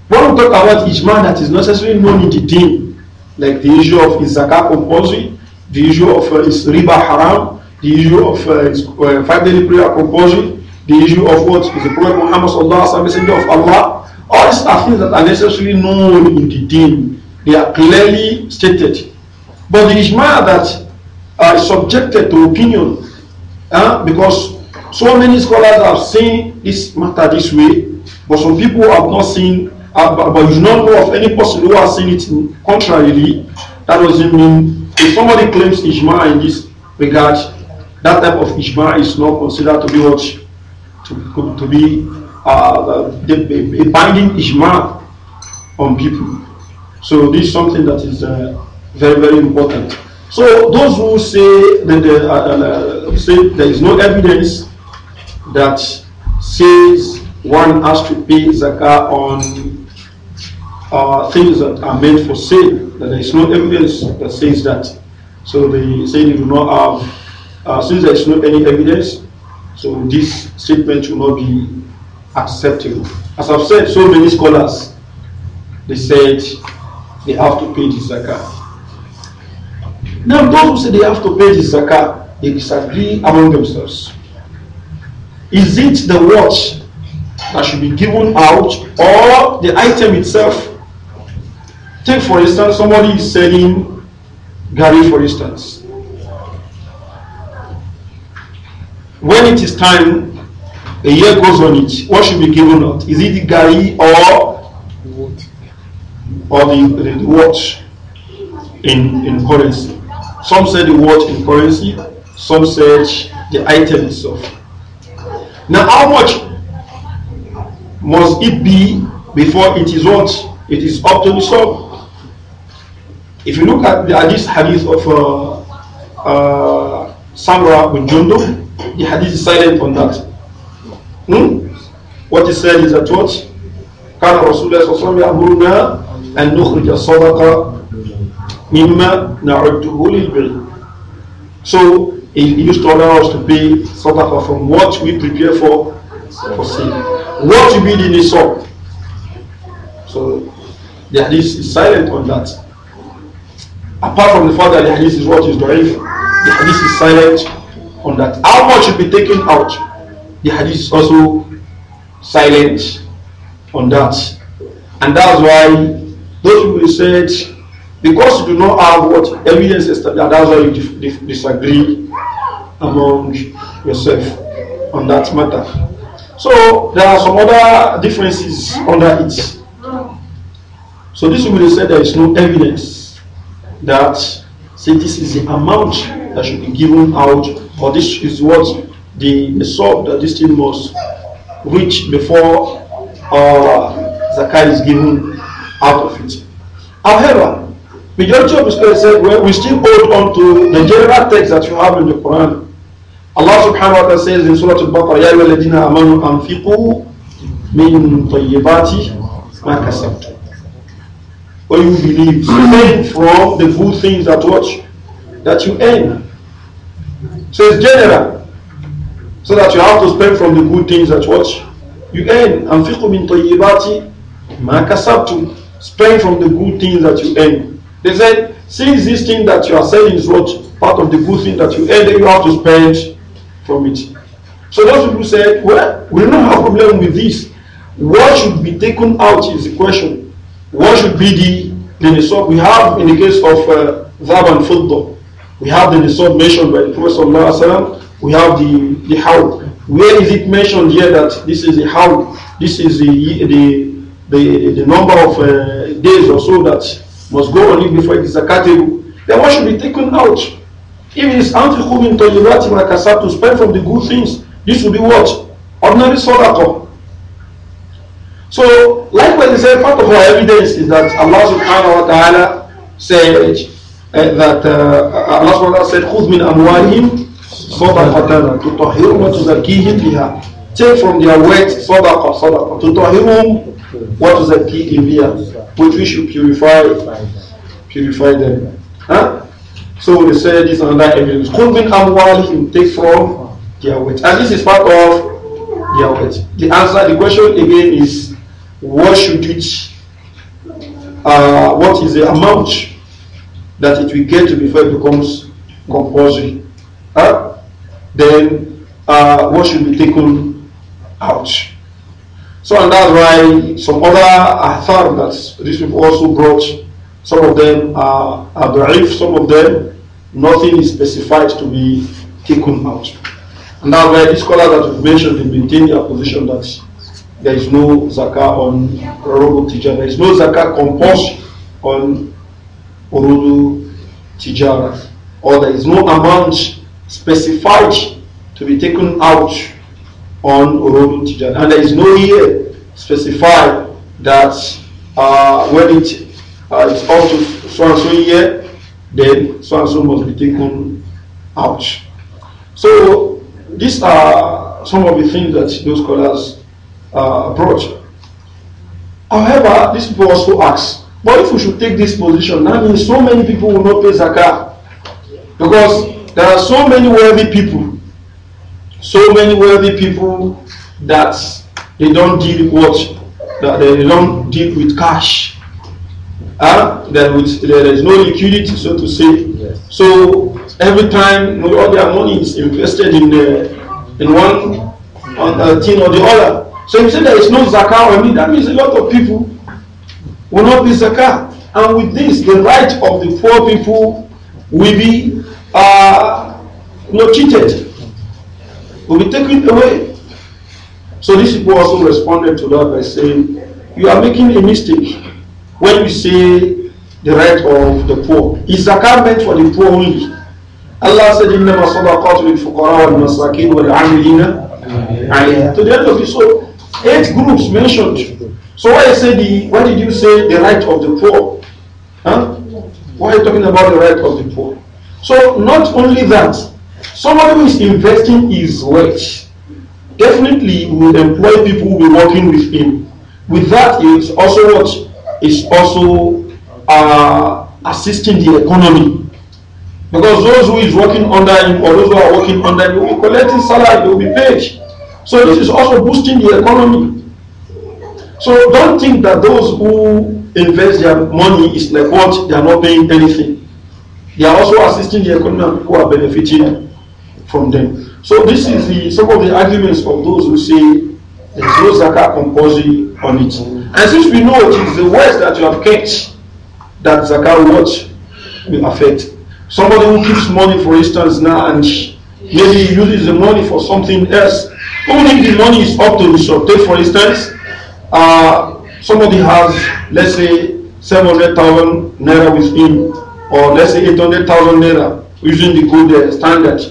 A: when we talk about ijma that is necessarily known in the deen, like the issue of his zakat compulsory, the issue of uh, his riba haram, the issue of uh, his uh, five daily prayer compulsory, the issue of what is the Prophet Muhammad sallallahu alaihi messenger of Allah. All these are things that are necessarily known in the deen. They are clearly stated. But the ijma that uh, is subjected to opinion Huh? Because so many scholars have seen this matter this way, but some people have not seen, uh, but, you don't know of any person who has seen it contrarily. That doesn't mean if somebody claims Ijma in this regard, that type of Ijma is not considered to be what? To, to be uh, a binding Ijma on people. So this is something that is uh, very, very important. So those who say that the, uh, uh Say there is no evidence that says one has to pay zakah on uh, things that are meant for sale. That there is no evidence that says that. So they say they do not have. Uh, since there is no any evidence, so this statement will not be acceptable. As I've said, so many scholars they said they have to pay the zakah. Now those who say they have to pay the zakah, they disagree among themselves. Is it the watch that should be given out or the item itself? Take, for instance, somebody is selling Gary, for instance. When it is time, a year goes on it, what should be given out? Is it the Gary or, or the, the watch in, in currency? Some say the watch in currency, some the item itself. Now, how much must it be before it is what? It is up to the soul. If you look at the hadith, hadith of uh, uh, Samra bin Jundub, the hadith is silent on that. Hmm? What he said is that what? كان رسول الله صلى الله عليه وسلم يأمرنا أن نخرج الصدقة مما نعده للبر. So He used to order us to pay sadaqah from what we prepare for for sin. What will in the nisab? So the hadith is silent on that. Apart from the fact that the hadith is what is da'if, the hadith is silent on that. How much should be taken out? The hadith is also silent on that. And that's why those people said Because you do not have what evidence that that's why you disagree among yourself on that matter. So there are some other differences under it. So this will say there is no evidence that say this is the amount that should be given out, or this is what the, the sub that this thing must reach before uh, is given out of it. However, Majority of scholars said, well, we still hold on to the general text that you have in the Quran. Allah subhanahu wa ta'ala says in Surah Al-Baqarah, يَا الَّذِينَ آمَنُوا أَنْفِقُوا مِنْ طَيِّبَاتِ مَا كَسَبْتُمْ When you believe, spend from the good things that watch, that you earn. So it's general. So that you have to spend from the good things that watch, you earn. أَنْفِقُوا مِنْ طَيِّبَاتِ مَا كَسَبْتُمْ Spend from the good things that you earn. They said, since this thing that you are selling is what part of the good thing that you earn, then you have to spend from it. So those people said, well, we don't have a problem with this. What should be taken out is the question. What should be the, the nisab? We have in the case of uh, Zab and we have the nisab mentioned by the Prophet we have the, the how. Where is it mentioned here that this is the how, this is the, the, the, the number of uh, days or so that must go on it before it is category. then what should be taken out? If it is antikhubin toyibati makasab to spend from the good things, this will be what? Ordinary sadaqah. So, likewise, he said, part of our evidence is that Allah subhanahu wa ta'ala said uh, that uh, Allah subhanahu wa ta'ala said, خُذْ مِنْ أَمْوَالِهِمْ صَدَقَةً تُطَهِرُ وَتُزَكِّيهِمْ بِهَا take from their wet sadaqah, sadaqah, to tahirhum what is a key in here, which we should purify, purify them. Huh? So they said this is another evidence. Kulbin amwalihim, take from their wet. And this is part of their wet. The answer, the question again is, what should it, uh, what is the amount that it will get before it becomes compulsory? Huh? Then uh, what should be taken out. So and that's why some other athar that these people also brought, some of them are, the da'if, some of them nothing is specified to be
B: taken out.
A: And that's why these scholars that we've mentioned they maintain their position that there is no zakah on urudu tijara. There is no zakah compulsion on orudu tijara. Or there is no amount specified to be taken out on Urul Tijan. And there is no year specified that uh, when it uh, it's out to so and so year, then so and so must be taken out. So these are some of the things that those scholars uh, However, these people also ask, but if we should take this position, that means so many people will not pay zakah because there are so many wealthy people so many wealthy people that they don't deal what that they don't deal with cash. Uh, that with, there is no liquidity, so to say. Yes. So every time all their money is invested in the, uh, in one on thing or the other. So you say there is no zakah on mean, That means a lot of people will not be zakah. And with this, the right of the poor people will be uh, not cheated will be taken away. So these people also responded to that by saying, You are making a mistake when you say the right of the poor. Is zakat meant for the poor only? Allah said, إِنَّمَا صَدَقَاتُ لِلْفُقَرَاءِ وَالْمَسَاكِينِ وَالْعَامِلِينَ عَلَيْهِ To the end of it, so eight groups mentioned. So why, say the, why did you say the right of the poor? Huh? Why are you talking about the right of the poor? So not only that, Somebody who is investing his wealth definitely will employ people who will be working with him. With it's also what is also uh, assisting the economy. Because those who is working under him or those who are working under him will be collecting salary, they will be paid. So this is also boosting the economy. So don't think that those who invest their money is like what they are not paying anything. They are also assisting the economy and people are benefiting from them. So this is the some of the arguments of those who say there's no zakat compulsory on it. And since we know it is the words that you have kept that zakat what will affect. Somebody who keeps money, for instance, now and maybe uses the money for something else. Only if the money is up to his take for instance, uh, somebody has, let's say, 700,000 naira with him, or let's say 800,000 naira using the gold standard.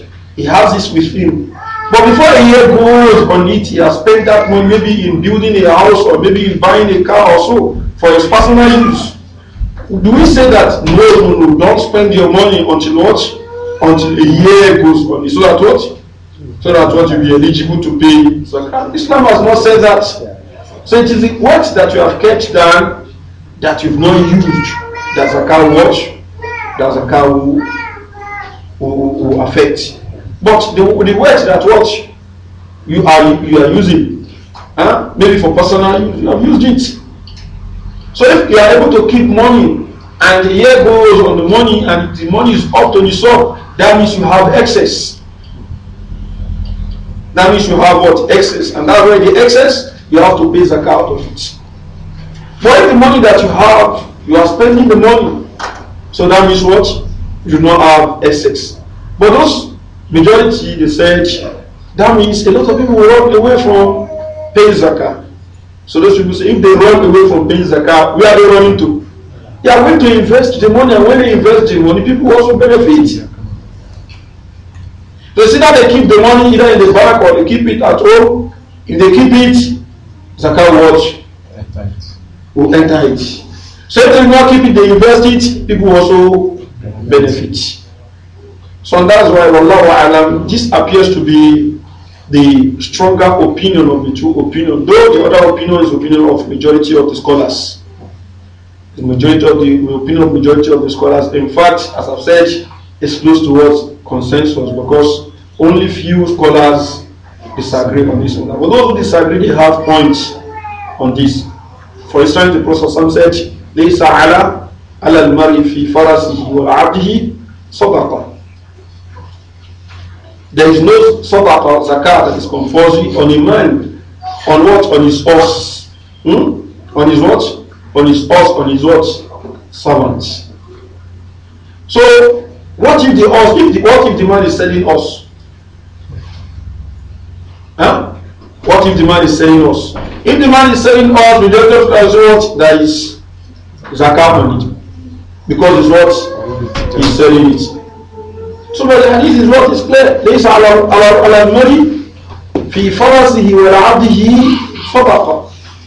A: He has this with him. But before a year goes on it, he has spent that money maybe in building a house or maybe in buying a car or so for his personal use. Do we say that no, no, no, don't spend your money until what? Until a year goes on it. So that what? So that what you'll be eligible to pay. Zakat. Islam has not said that. So it is the what that you have kept down that you've not used. That Zakat watch. That Zakat will, will, will affect. But the, the words that what you are you are using, huh? maybe for personal use, you have used it. So if you are able to keep money and the year goes on the money and the money is up to the soul, that means you have excess. That means you have what? Excess. And that where the excess, you have to pay zakat out of it. For the money that you have, you are spending the money, so that means what? You do not have excess. But those majority they said that means a lot of people run away from paying zakah. So those people say if they run away from paying zakah, where are they running to? They are going to invest the money, and when they invest the money, people also benefit. They see that they keep the money either in the bank or they keep it at home. If they keep it, zakah watch will enter it. So if they not keep it, they invest it, people also benefit. So and that's why Allah Alam, this appears to be the stronger opinion of the two opinions. though the other opinion is opinion of majority of the scholars. The majority of the, the opinion of majority of the scholars, in fact, as I've said, it's close towards consensus because only few scholars disagree on this one. But those who disagree, they have points on this. For instance, the Prophet some said, ليس على على المرء في فرسه وعبده صدقة there is no sabbath or zakat that is compulsory on a man. On what? On his horse. Hmm? On his what? On his horse, on his what? Servants. So, what if the horse, if the, what if the man is selling us? Huh? What if the man is selling us? If the man is selling us, we don't have to result that is zakat on it. Because it's what? He's selling it. So but the hadith is what is clear. ليس على على المري في فرسه ولا عبده صدقة.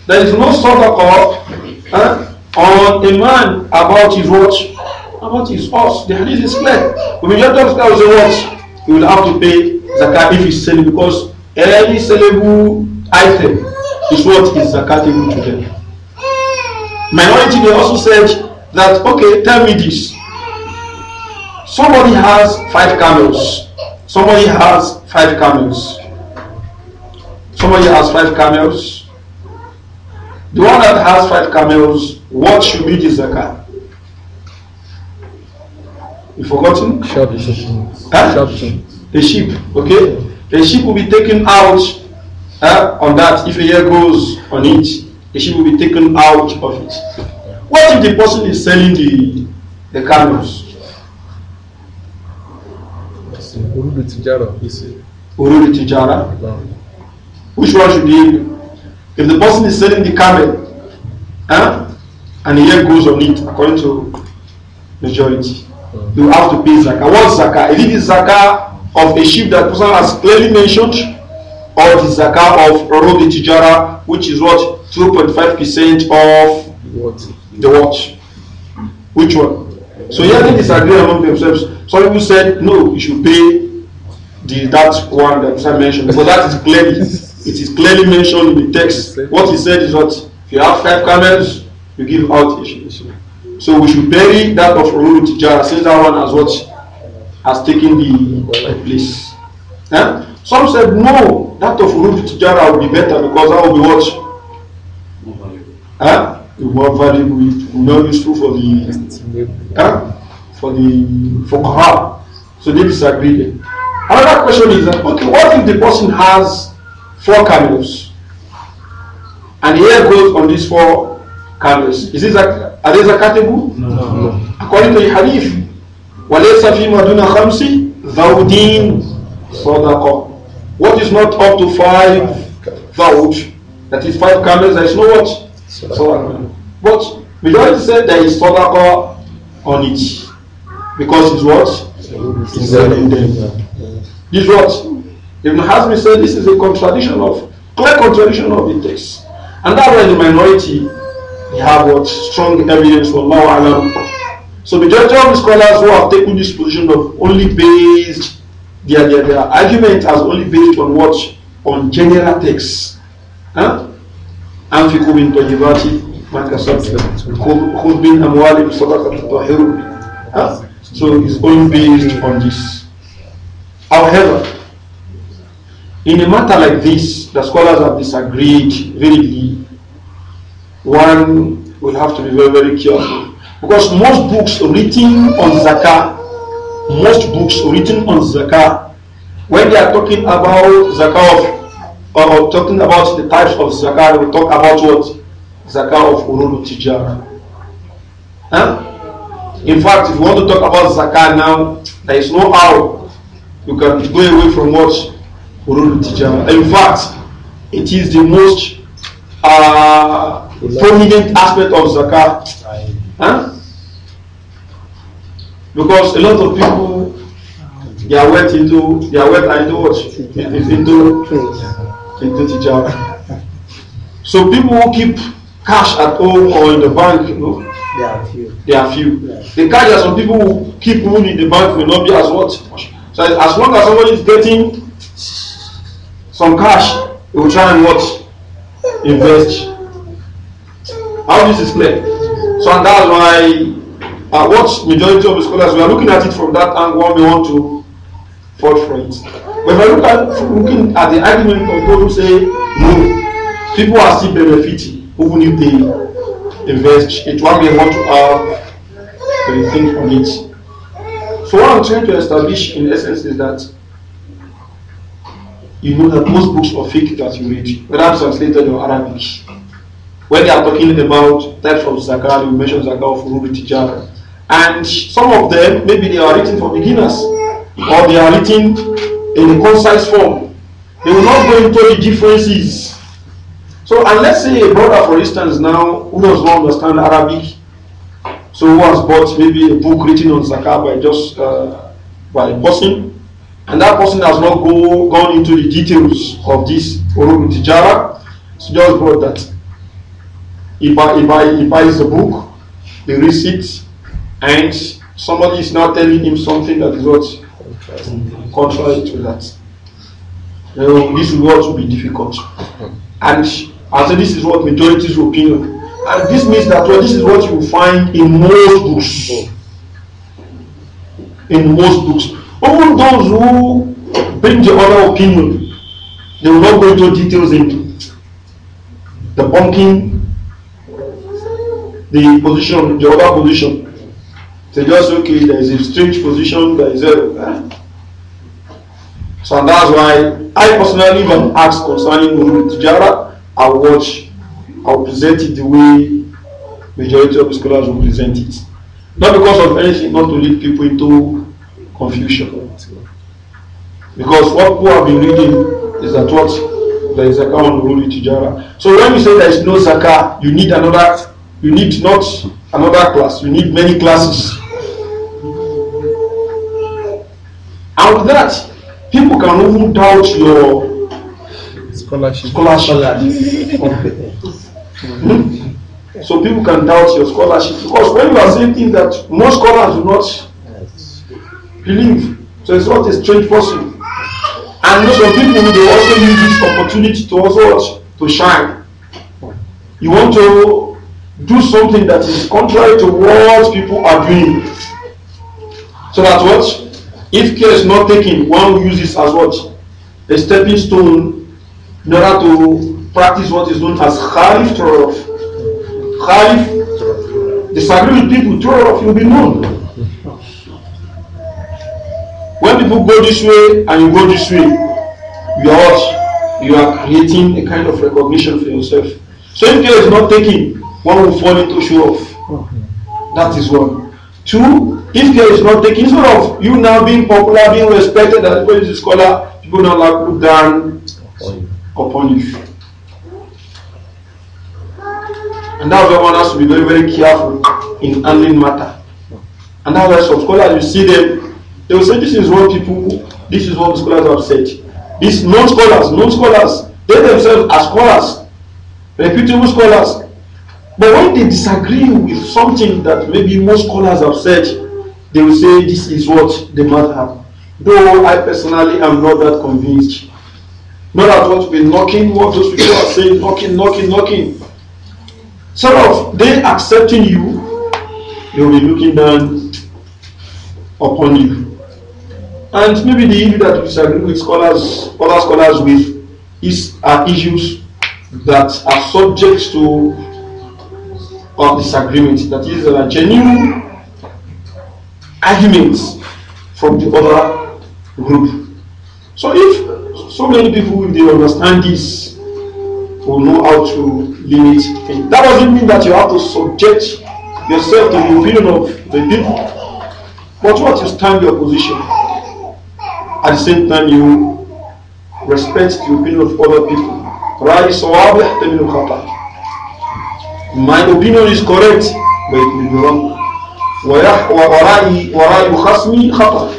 A: There is no صدقة huh, on a man about his watch, about his horse. The hadith is clear. When we just talk about the watch, he will have to pay zakat if he's selling because any sellable item is what is zakatable to them. Minority they also said that okay, tell me this. Somebody has five camels. Somebody has five camels. Somebody has five camels. The one that has five camels, what should be the zakat? You forgotten?
B: Shop the sheep.
A: Huh? The sheep. Okay. The sheep will be taken out uh, on that. If a year goes on it, the sheep will be taken out of it. What if the person is selling the the camels?
B: Yes. Urulu Tijara. Yes.
A: Urulu Tijara. Which one should be? If the person is selling the camel, huh, eh, and the year goes on it, according to majority, you have to pay zakah. What zakah? Is it the zakah of a sheep that person has clearly mentioned, or the zakah of Urulu Tijara, which is what 2.5% of what? the watch? Which one? So they disagree among themselves. Some people said, no, you should pay the that one that I mentioned because that is clearly it is clearly mentioned in the text. What he said is what if you have five camels, you give out So we should bury that of Ruru Tijara since that one has what has taken the place. Huh? Some said no, that of Ruru Tijara would be better because that would be what? the more valuable is more useful for the huh? for the Quran. So they disagreed. Another question is that okay, what if the person has four camels? And here goes on these four camels. Is this a, are a category? No.
B: no.
A: According to the hadith, وَلَيْسَ فِي مَدُونَ خَمْسِ ذَوْدِينَ صَدَقَةً What is not up to five thought, that is five camels, there is no what? So, but majority say there is sadaqah on it because it's what? It's
B: in them.
A: This what? has been said this is a contradiction of, clear contradiction of the text. And that's why the minority they have what strong evidence for Allah
B: Alam.
A: So majority of the scholars who have taken this position of only based their, their, their argument as only based on what? On general texts. Huh? أنفقوا من طيبات ما كسبتم خذ من أموالهم صدقة تطهرهم So it's all based on this. However, in a matter like this, the scholars have disagreed deeply. One, will have to be very, very careful. Because most books written on zakah, most books written on zakah, when they are talking about zakah or, or, talking about the types of zakah, we talk about what? Zakah of Urulu Tijara. Huh? In fact, if you want to talk about zakah now, there is no how you can go away from what? Urulu Tijara. In fact, it is the most uh, prominent aspect of zakah. Huh? Because a lot of people they are wet into they are wet into what? Into so people who keep cash at home or in the bank, you know, there are few. There are few. Yeah. The cash that some people who keep money in the bank will not be as much. So as long as somebody is getting some cash, they will try and what invest. How this is clear. So and that's why uh, what majority of the scholars we are looking at it from that angle. We want to fought But if I look at looking at the argument of those who say no, people are still benefiting even if they invest. It won't be able to have anything think on it. So what I'm trying to establish in essence is that you know that most books of fiqh that you read, whether translated or Arabic, when they are talking about types of zakah, you mention zakah of ruby, tijara. And some of them, maybe they are written for beginners or they are written in a concise form. They will not go into the differences. So, and let's say a brother, for instance, now who does not understand Arabic, so who has bought maybe a book written on Zakat by just uh, by a person, and that person has not go, gone into the details of this Urum Tijara, so just bought that. He, buy, he, buy, he buys the book, he reads it, and somebody is now telling him something that is what contrary to that. You this is what will be difficult. And I say this is what majority's opinion. And this means that well, this is what you find in most books. In most books. Even those who bring the other opinion, they will not go into details in the bunking, the position, the other position. They just say, okay, there is a strange position, there is a eh? So that's why I personally even asked concerning Nurul Tijara, I watch, I'll present it the way majority of the scholars will present it. Not because of anything, not to lead people into confusion. Because what people have been reading is that what there is zakah on Nurul Tijara. So when you say there is no zakah, you need another, you need not another class, you need many classes. And with that, people can even doubt your scholarship. scholarship. hmm? so people can doubt your scholarship because when you are saying things that most scholars do not believe, so it's not a strange person. And most of people they also use this opportunity to also to shine. You want to do something that is contrary to what people are doing. So that what if care is not taken, one will use this as what? A stepping stone in order to practice what is known as Khalif Torah. Khalif, disagree with people, Torah will be known. When people go this way and you go this way,
B: you are what? You are creating a kind of recognition for yourself. So if
A: care is not taken, one will fall into show off. That is one. Two, if care is not taking, instead of you now being popular, being respected as well as a scholar, people not like look down upon you. And now everyone has to be very, very careful in handling matter. And that's why scholars, you see them, they will say, this is what people, this is what the scholars have said. These non-scholars, non-scholars, they themselves are scholars, reputable scholars, But when they disagree with something that maybe most scholars have said, they will say this is what the madhab. Though I personally am not that convinced. Not at what we're knocking, what those people are saying, knocking, knocking, knocking. Sort of, they accepting you, they'll be looking down upon you. And maybe the issue that we disagree with scholars, other scholars with, is are issues that are subject to of disagreement. That is a uh, genuine argument from the other group. So
B: if
A: so many people, if they understand this, will know how to limit things. That doesn't mean that you have to subject yourself to the opinion of the people. But what you stand your position. At the same time, you respect the opinion of other people. Right? رأي صواب احتمل خطأ my opinion is correct but it will be wrong ورأي خصمي خطأ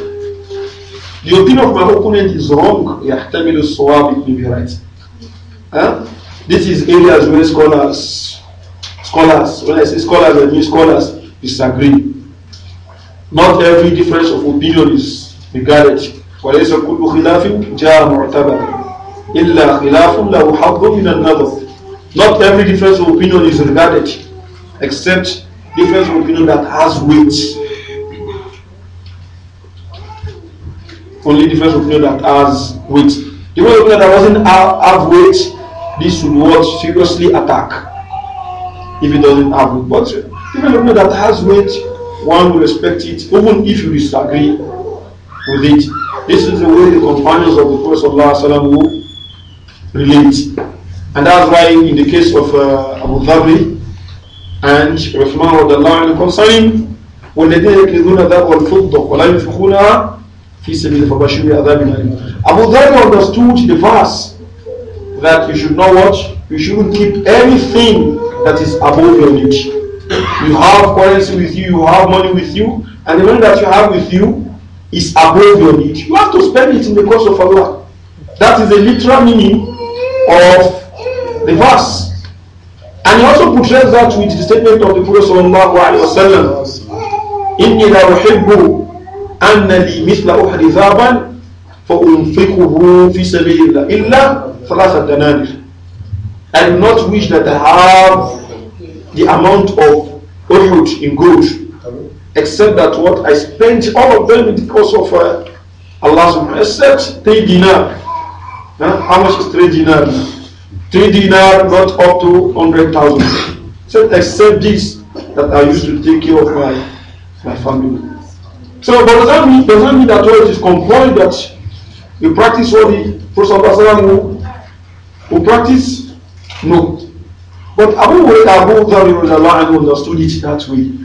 A: the opinion of my opponent is wrong يحتمل الصواب it will be right huh? this is areas where scholars scholars when I say scholars I mean scholars disagree not every difference of opinion is regarded وليس كل خلاف جاء معتبرا إلا خلاف له حظ من النظر Not every difference of opinion is regarded, except difference of opinion that has weight. Only difference of opinion that has weight. The one opinion that doesn't have, have weight, this would what seriously attack if it doesn't have weight. But difference of opinion that has weight, one will respect it, even if you disagree with it. This is the way the companions of the Prophet who relate. And that's why in the case of uh, Abu Dhabi and Uthman concerning والذين يكنزون الذهب والفضة ولا ينفقونها في سبيل فبشر عذاب أليم Abu Dhabi understood the verse that you should not watch, you shouldn't keep anything that is above your need. You have currency with you, you have money with you, and the money that you have with you is above your need. You have to spend it in the cause of Allah. That is the literal meaning of the verse. And he also portrays that with the statement of the Prophet sallallahu alaihi wasallam, "Inni la uhibbu anna li mithla uhdi zaban fa unfiquhu fi sabilillah illa thalathat dananir." I do not wish that I have the amount of Uhud in gold, except that what I spent all of them in the course of uh, Allah except three dinar. Huh? How much is three dinar? three dinar got up to 100,000. said, except this, that I used to take care of my, my family. So, but does that mean, does that mean that well, is compulsory that you practice what the Prophet who will practice? No. But Abu Hurairah, Abu Dhabi understood it that way.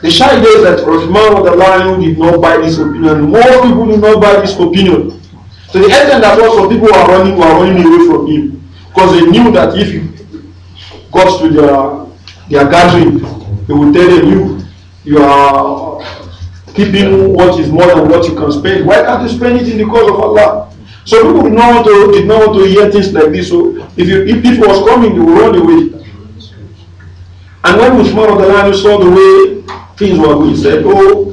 A: The shy days that Rahman did not buy this opinion. More people did not buy this opinion. So the extent that also people are running were running away from him. Because they knew that if you got to their, their gathering, they would tell them, you, you are keeping what is more than what you can spend. Why can't you spend it in the cause of Allah? So people did not want to, did not want to hear things like this. So if, you, if people was coming, they would run away. And when Uthman of the land saw the way things were going, he said, Oh,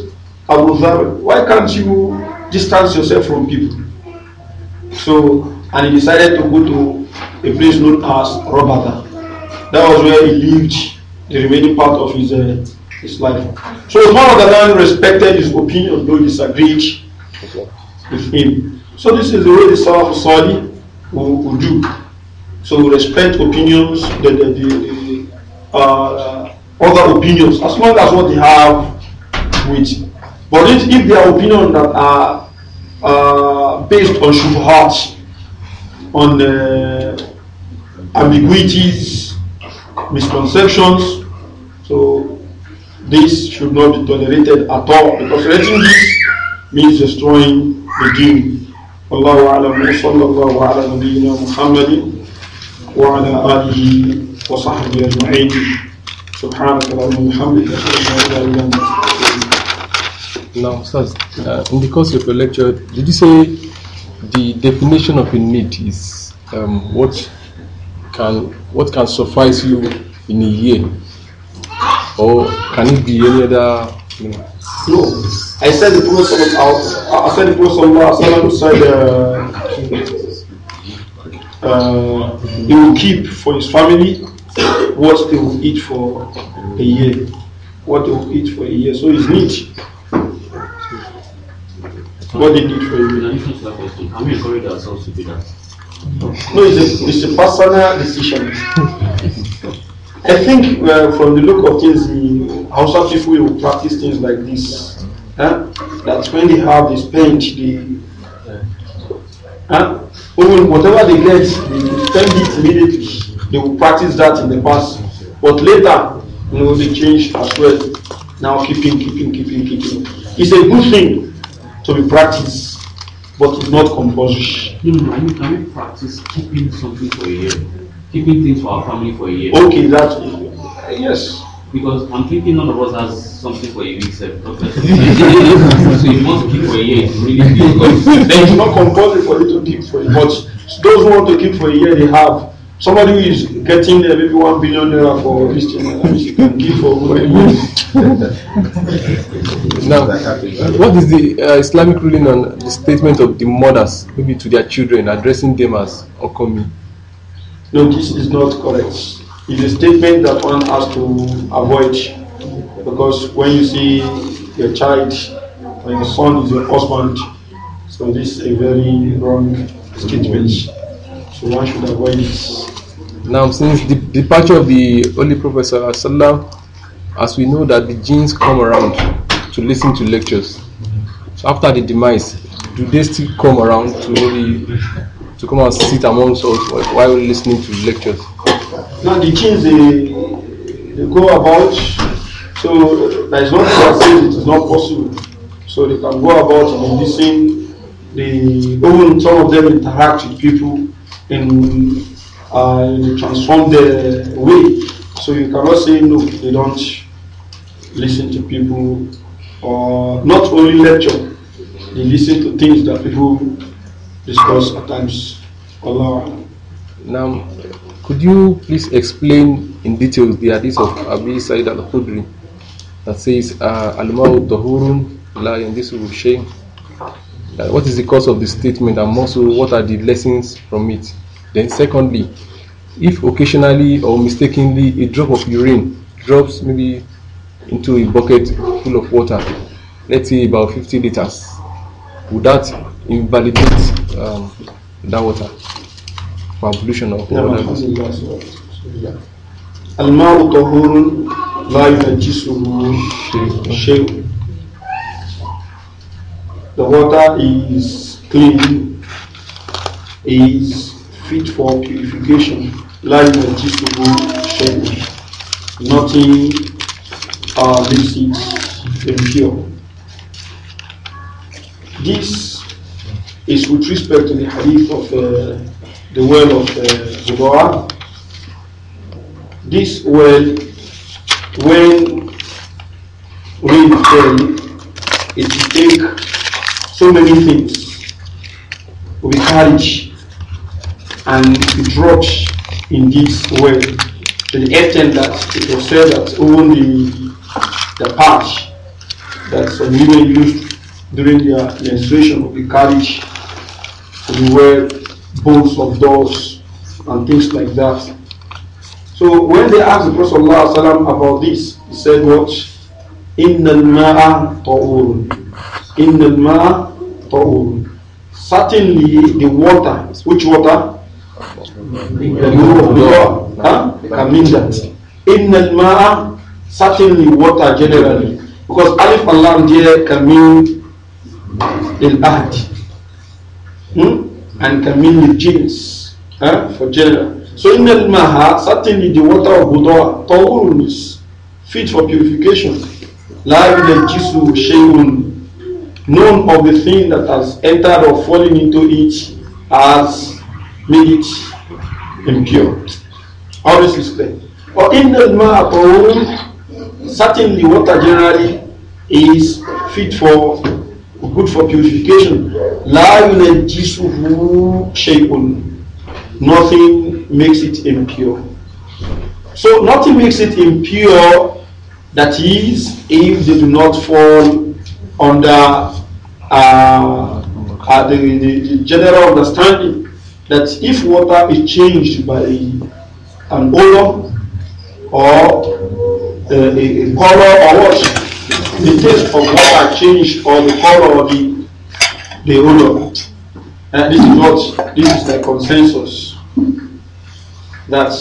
A: Abu Dhar, why can't you distance yourself from people? So, and he decided to go to a place known as Robata. That was where he lived the remaining part of his, uh, his life. So the Ghadan respected his opinion, though he disagreed with him. So this is the way the Salaf Sali will, will do. So we respect opinions, the, the, the, the uh, other opinions, as long as what they have with. But if, if their opinion that are uh, based on shubhat, on uh, ambiguities, misconceptions. So this should not be tolerated at all because letting this means destroying the deen. والله أعلم وصلى الله على نبينا محمد وعلى آله وصحبه أجمعين سبحانك اللهم وبحمدك أشهد أن لا إله إلا أنت.
B: Now, Ustaz, uh, in the course of your lecture, did you say the definition of a need is um, what can what can suffice you in a year, or can it be any other? You know? No,
A: I said the Prophet. Uh, I, I said the Prophet uh, said uh, uh, he will keep for his family what they will eat for a year, what they will eat for a year. So his need what did you, show you? Relation to that person. Can we encourage
B: ourselves to do that?
A: No, it's a, it's a personal decision. (laughs) I think uh, from the look of things, how Hausa people will practice things like this. Huh? That when they have this paint, they huh? even whatever they get, they spend it immediately. They will practice that in the past, but later, you know, they change as well. Now keeping, keeping, keeping, keeping. It's a good thing to be practiced, but it's not composition.
B: No, no, I mean, can we practice keeping something for a year? Keeping things for our family for a year? Okay, that uh, yes. Because I'm thinking none of us has something for a week, sir. (laughs) so you must keep for a year, it's really (laughs) difficult. They do not
A: compose it for you to keep for a year, but those who want to keep for a year, they have. Somebody who is getting maybe one billion
B: naira for this thing, at least you can give for (laughs) now, what is the uh, Islamic ruling on the statement of the mothers, maybe to their children, addressing them as Okomi? No, this is not correct. It's a
A: statement that one has to avoid because when you see your child or your son is your husband, so this is a very wrong
B: statement. So one should avoid this. Now, since the departure of the Holy Prophet as we know that the genes come around to listen to lectures. So after the demise, do they still come around to maybe to come and sit amongst us while listening to lectures? Now the genes
A: they, they go about. So there is nothing that says it is not possible. So they can go about and listen. They even some of them interact with people in and transform the way. So you cannot say no, they don't listen to people or not only lecture, they listen to things that people discuss
B: at times. Allah. Now, could you please explain in details the hadith of Abi Sa'id al-Khudri that says, ah, Al-Ma'u Tahurun La Yandisu shame. What is the cause of this statement and also what are the lessons from it? Then secondly, if occasionally or mistakenly a drop of urine drops maybe into a bucket full of water, let's say about 50 liters, would that invalidate um, that water for pollution or for
A: الماء طهور لا ينجسه شيء The water is clean, is fit for purification. La yunajisuhu shay'un. Nothing uh, makes it impure. This is with respect to the hadith of uh, the well of uh, Zubara. This well, when rain fell, it will take so many things. We carried and drops in this way to the extent that it was said that even the, the patch that some women used during their menstruation of the carriage, to wear bolts of doors and things like that. So when they asked the Prophet about this, he said what? إن الماء طهور إن الماء طهور Certainly the water, which water? law, huh? commandment. In the maa certainly water generally. Because alif Allah there can mean lil-ahd. Hmm? And can mean lil-jins. Huh? For general. So in the maa certainly the water of Buddha, tawun is fit for purification. the Jesus shayun. None of the thing that has entered or fallen into it has made it impure. All this is Or in the ma'akum, certainly water generally is fit for good for purification. La yunajisuhu shay'un. Nothing makes it impure. So nothing makes it impure, that is, if they do not fall under uh, uh, the, the, the general understanding that if water is changed by an odor or a, a, a color or what, the taste of water changed or the color of the, the odor. And this is what this is the consensus that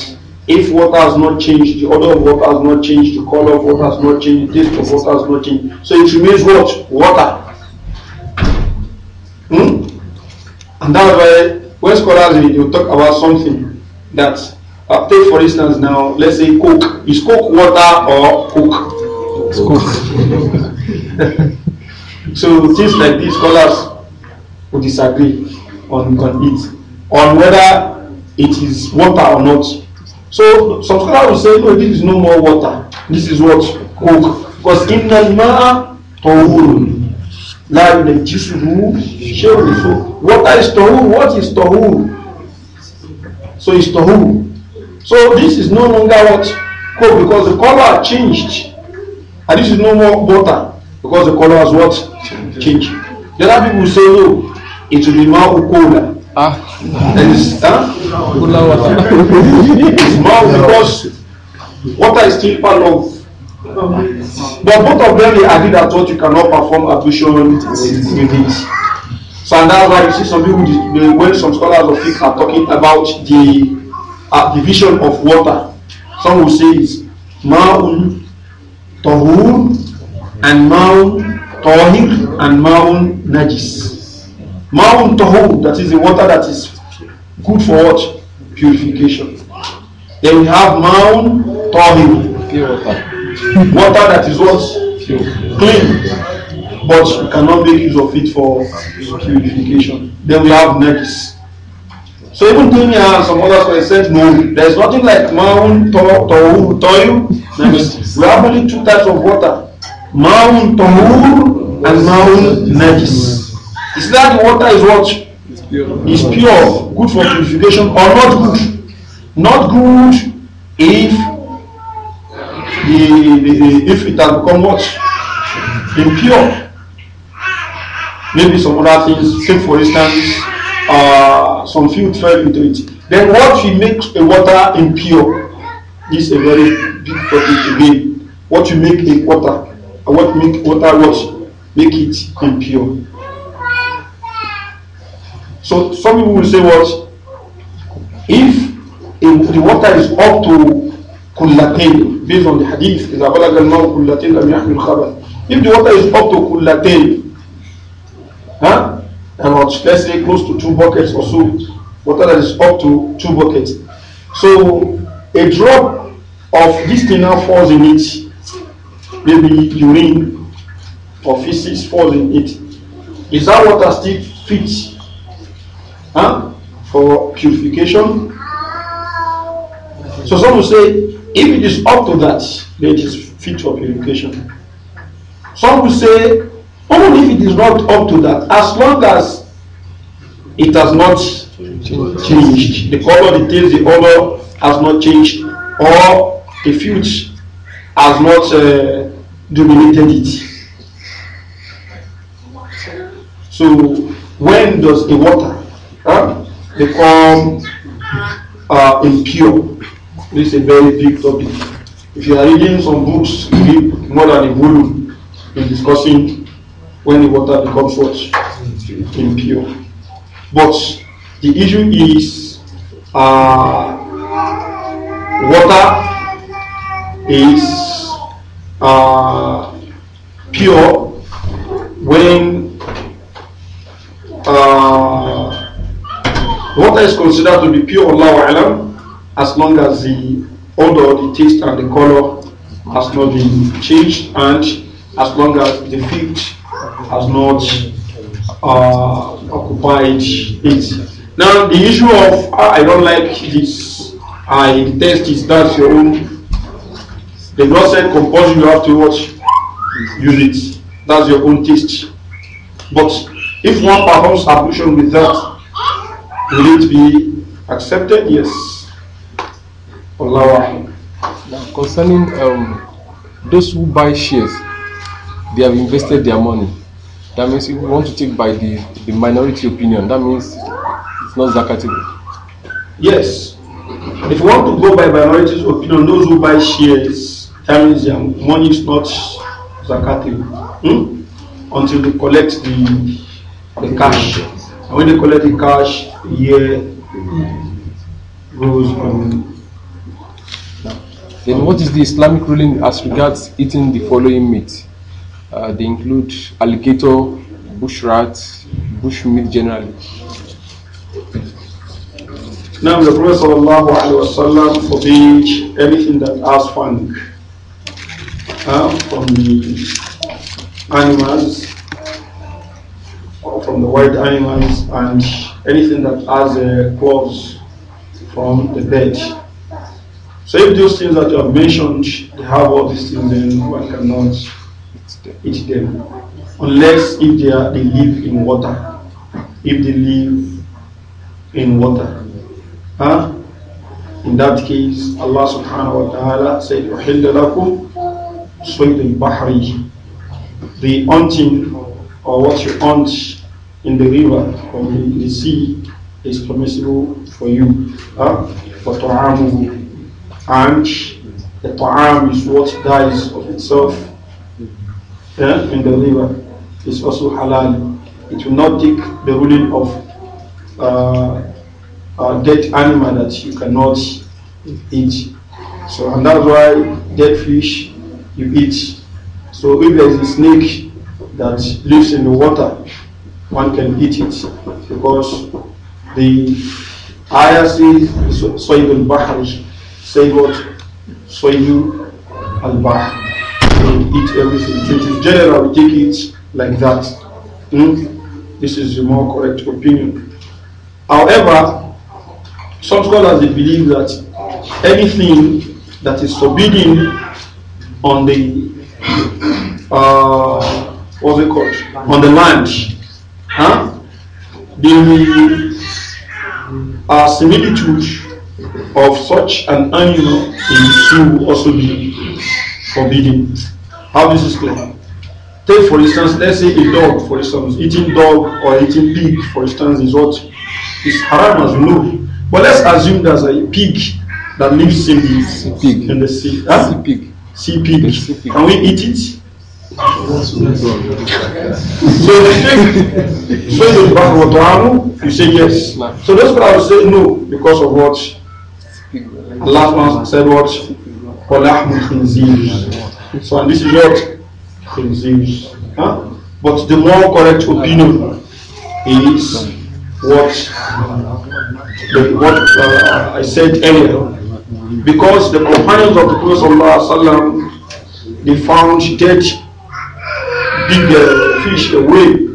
A: if water has not changed, the odor of water has not changed, the color of water has not changed, the taste of water has not changed. So it remains what? Water. Hmm? And that's why When scholars they will talk about something that, uh, take for instance now, let's say coke. Is coke water or coke? (laughs) so things like these scholars will disagree on, on it, on whether it is water or not. So some scholars will say, no, this is no more water. This is what? Coke. Because in the Ma'a, La yunajisuhu shay'un. So water is tahur. What is tahur? So it's tahur. So this is no longer what coke because the color changed, and this is no more water because the color has what changed. The other people say no, it will be now cola. Ah, and it's huh?
B: it's now because
A: water is still part of But both of them they agree that what you cannot perform ablution is unique. So and that's why you see some people they, when some scholars of fiqh are talking about the uh, division of water. Some will say it's ma'un tahur and ma'un tahir and ma'un najis. Ma'un tahur that is the water that is good for what purification. Then we have ma'un tahir pure water water that is what clean but we cannot make use of it for purification then we have najis so even Tony and some others were said no there is nothing like maun tohu toyu we have only two types of water maun tohu and maun najis is that the water is what is pure good for purification or not good not good if if it has become what? Impure. Maybe some other things, say for instance, uh, some filth fell into it. Then what will make a water impure is a very big topic again. What you make a water, what make water what? Make it impure. So some people will say what? If, if the water is up to kullatain based on the hadith إذا بلغ الماء kullatain لم يحمل خبر if the water is up to kullatain huh? and what, let's say close to two buckets or so water that is up to two buckets so a drop of this thing now falls in it maybe urine or feces falls in it is that water still fit huh? for purification so some will say If it is up to that, then it is fit for purification. Some will say, even if it is not up to that, as long as it has not
B: changed,
A: the color, the taste, the odor has not changed, or the filth has not uh, dominated it. So, when does the water huh, become uh, impure? This is a very big topic. If you are reading some books, read more than a volume in discussing when the water becomes what? Impure. But the issue is uh, water is uh, pure when uh, water is considered to be pure, Allah alam, as long as the odor, the taste, and the color has not been changed, and as long as the feet has not uh, occupied it. Now, the issue of uh, I don't like this, I taste detest this, that's your own. The law said compulsion, you have to watch, use it. That's your own taste. But if one performs ablution with that,
B: will it be accepted? Yes. Now, concerning um, those who buy shares, they have invested their money. That means if we want to take by the, the minority opinion, that means it's not zakatable.
A: Yes. If you want to go by minority's opinion, those who buy shares, that means their money is not zakatable hmm? until they collect the, the cash. And when they collect the cash, yeah,
B: goes on. Then what is the Islamic ruling as regards eating the following meat? Uh, they include alligator, bush rat, bush meat generally.
A: Now the Prophet wasallam forbade everything that has fang uh, from the animals or from the wild animals and anything that has uh, claws from the dead. So if those things that you have mentioned they have all these things, then one cannot eat them. Unless if they, are, they live in water. If they live in water. Huh? In that case, Allah subhanahu wa ta'ala said, أُحِلَّ لَكُمْ صَيْدُ The hunting or what you hunt in the river or in the sea is permissible for you. Huh? and the ta'am is what dies of itself yeah, in the river. It's also halal. It will not take the ruling of uh, a dead animal that you cannot eat. So, and that's why dead fish you eat. So, if there is a snake that lives in the water, one can eat it because the ayah says, even Bahri, Say what? Soyu al bah. Eat everything. It is general, take it like that. Hmm? This is the more correct opinion. However, some scholars they believe that anything that is forbidden on the uh, what's it called? On the land. Huh? The uh, similitude of such an animal in also be forbidden. How this is clear? Take for instance, let's say a dog, for instance, eating dog or eating pig, for instance, is what is haram as you know. But let's assume there's a pig that lives in the pig. in the sea. Huh? Sea pig. Sea pig. Sea pig. Can we eat it? so you pig, so you say yes. So that's what I would say no because of what last one said what? So and this is what? Huh? But the more correct opinion is what, what uh, I said earlier. Because the companions of the Prophet they found dead big uh, fish away.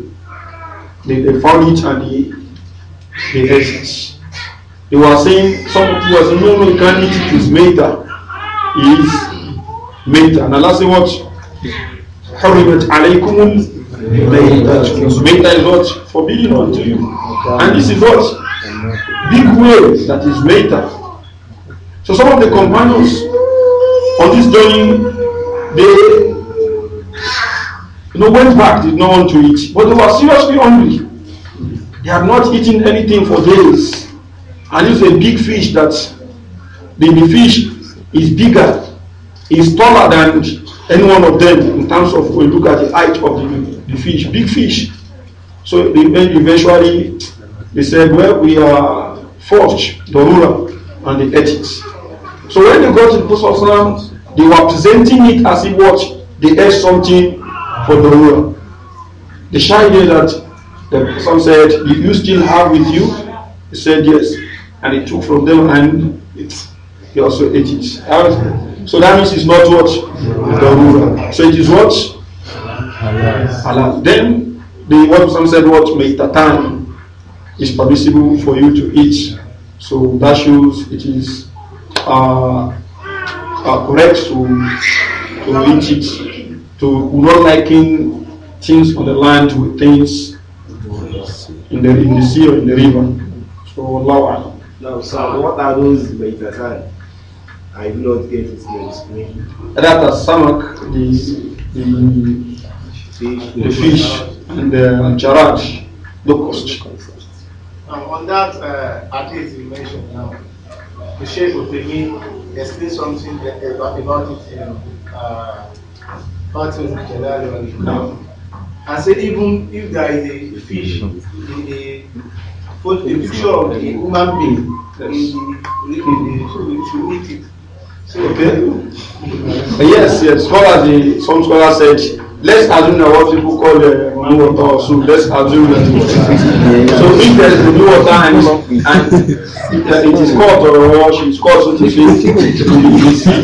A: They, they found it and they ate it. They were saying, some of somebody was saying, no, no, you can't eat it, it's meta. It's meta. And Allah said, what? حرمت عليكم Meta is what? Forbidden unto you. And this is what? Big way that is meta. So some of the companions on this journey, they you know, went back, did not want to eat. But they were seriously hungry. They had not eaten anything for days and use a big fish that the, the fish is bigger, is taller than any one of them in terms of when you look at the height of the, the fish, big fish. So they, eventually they said, well, we are forged the ruler and the ethics. So when they got to the Prophet they were presenting it as if what they had something for the ruler. The shy day that the Prophet said, do you still have with you? He said, yes and he took from them and it, he also ate it. So that means it's not what? So it is what? Then the what some said what meitatan is permissible for you to eat. So that shows it is uh, uh, correct to, to eat it, to not liking things on the land with things in the, in the sea or in the river. So Allah. Now, so what are those Baitakan? I do not get it to explain. That are samak, the, the, fish, the fish, and the jaraj, locust. Now, on that
B: uh, least you mentioned now, the Sheikh Uthaymeen explain something that, about, about it in uh, Fatul Jalal and said even if there is a fish in the For the future of the human being and the, the, so we should meet it.
A: okay. yes, yes. Scholar, the, some scholar said, let's assume that what people call the uh, new water or soup. Let's assume that. so if there's the new water and, and it is called or wash, it's called so to say.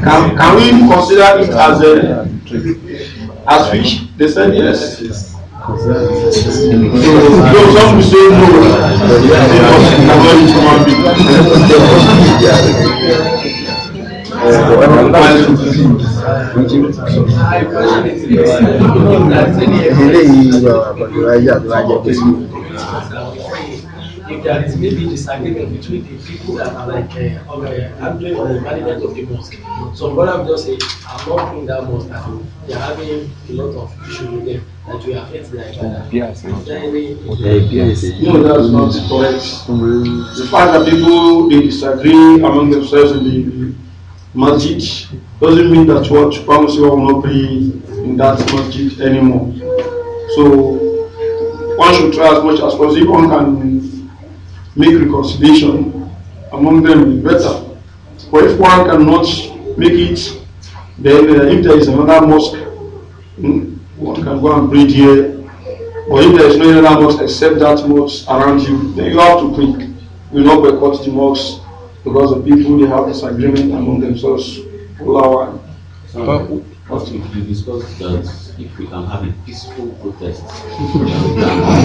A: Can, can we consider it as a as fish? They said yes. yes. Those of you say no,
B: eléyìí ọ̀rọ̀ àbọ̀dé wáyé àti wáyé pé. if there is maybe disagreement between the people that are like uh, or, uh, handling or the management of the mosque, so what I'm just saying, I'm not in that mosque and they are having a lot of issues with them that we affect their father. Yes, yes. No, that's not correct.
A: Mm. The fact that people they disagree among themselves in the masjid doesn't mean that what Pamusiwa will not be in that masjid anymore. So one should try as much as possible. One can make reconciliation among them better. But if one cannot make it, then uh, if there is another mosque, hmm, one can go and pray here. Or if there is no other mosque except that mosque around you, then you have to pray. You not boycott the mosque because the people they have disagreement among themselves. Allah.
B: So, we discuss that if we can have a peaceful protest, (laughs)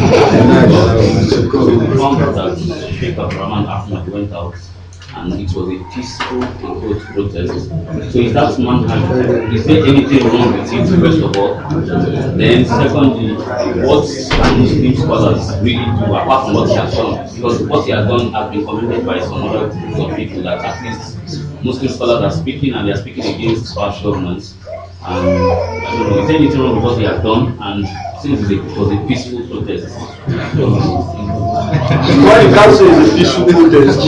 B: Sheikh Rahman Ahmed went out and it was a peaceful and protest. So if that man is there anything wrong with it, first of all? Then secondly, what can Muslim scholars really do apart from what he has done? Because what he has done has been commented by some other groups of people that at least Muslim scholars are speaking and they are speaking against harsh governments. And I don't know, is there anything wrong with what he has done? And since it was a peaceful protest. Why the council is a
A: peaceful protest?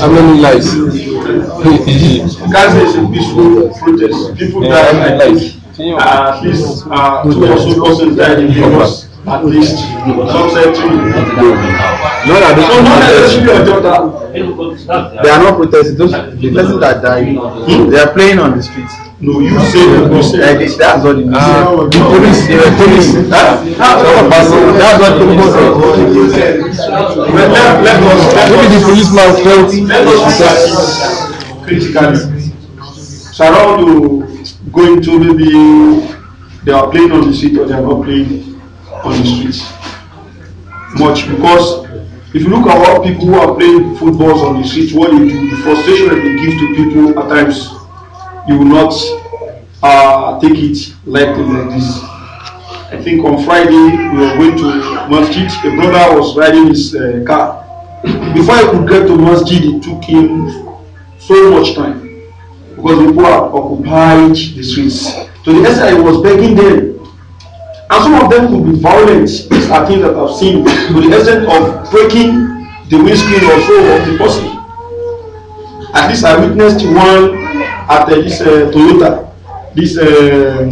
A: How many lies? council is a peaceful protest. People yeah, died, I think. Uh, at least uh, two or so persons died At least some said three. No, no, they don't protest. They are not protesting. Those the persons that died, hmm? they are playing on the streets. No, you say that. No. I That's what it means. Uh, the police, the police. That's
B: what That's what the police said. Let, let, let us. Let Maybe the policeman felt. Let us that
A: critically. Sarah to go into maybe they are playing on the street or they are not playing on the streets much because if you look at what people who are playing footballs on the street, what they do, the frustration that they give to people at times you will not uh, take it lightly like this. I think on Friday we were going to Masjid. A brother was riding his uh, car. Before he could get to Masjid, it took him so much time because people are occupied the streets. To the extent I was begging them. And some of them could be violent. These are things that I've seen. To the extent of breaking the windscreen or so of the person. At least I witnessed one at this uh, Toyota, this um,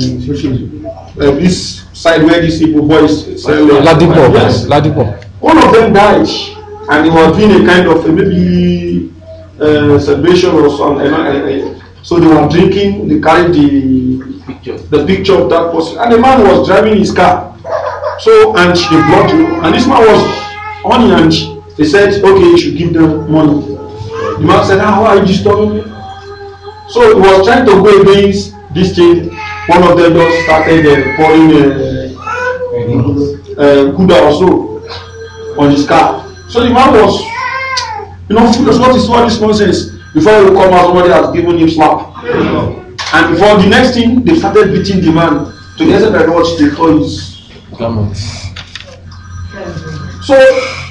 A: uh, this side where these people boys sell. Uh, Ladipo, yes, Ladipo. One of them died, and he was doing a kind of uh, maybe celebration or something. So they were drinking. They carried the picture. the picture of that person, and the man was driving his car. So and they brought him, and this man was on the and they said, "Okay, you should give them money." The man said, "Ah, why are you disturbing me?" So he was trying to go against this thing. One of them just started uh, pouring uh, uh, Kuda or so on his car. So the man was, you know, furious. What is all this nonsense? Before he come out, somebody has given him slap. And before the next thing, they started beating the man to the extent that what they toys. So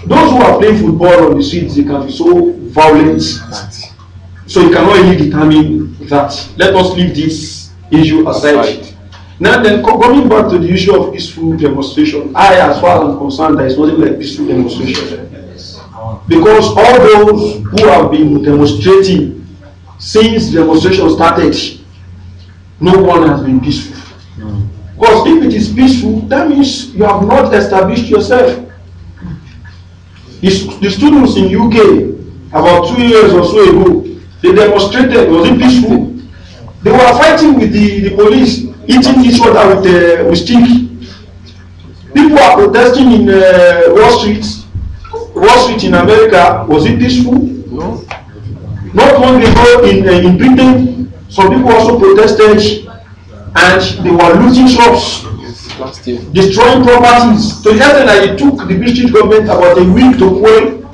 A: those who are playing football on the streets, they can be so violent. So you cannot really determine that. Let us leave this issue aside. Now then, coming back to the issue of peaceful demonstration, I, as far as I'm concerned, there is nothing like peaceful demonstration. Because all those who have been demonstrating since demonstration started, no one has been peaceful. Because if it is peaceful, that means you have not established yourself. The, the students in UK, about two years or so ago, They demonstrated. Was it peaceful? They were fighting with the, the police, eating each other with, uh, with stick. People are protesting in uh, Wall Street. Wall Street in America, was it peaceful? No. Not long ago in, uh, in Britain, some people also protested and they were looting shops, destroying properties. So, yes, that took the British government about a week to quell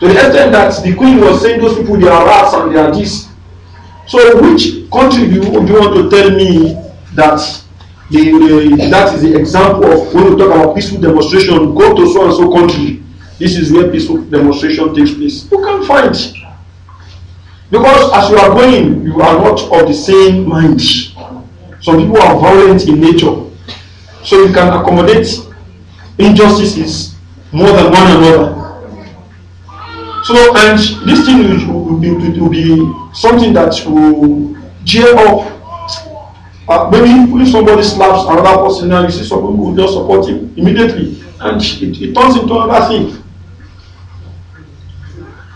A: To the extent that the queen was saying those people, they are rats and they are this. So which country do you, do you want to tell me that the, the, that is the example of when we talk about peaceful demonstration, go to so and so country. This is where peaceful demonstration takes place. You can find. Because as you are going, you are not of the same mind. Some people are violent in nature. So you can accommodate injustices more than one another. So, and this thing will, will, be, will be something that will gear up. Uh, maybe if somebody slaps another person now, you see some who just support him immediately, and it, it turns into another thing.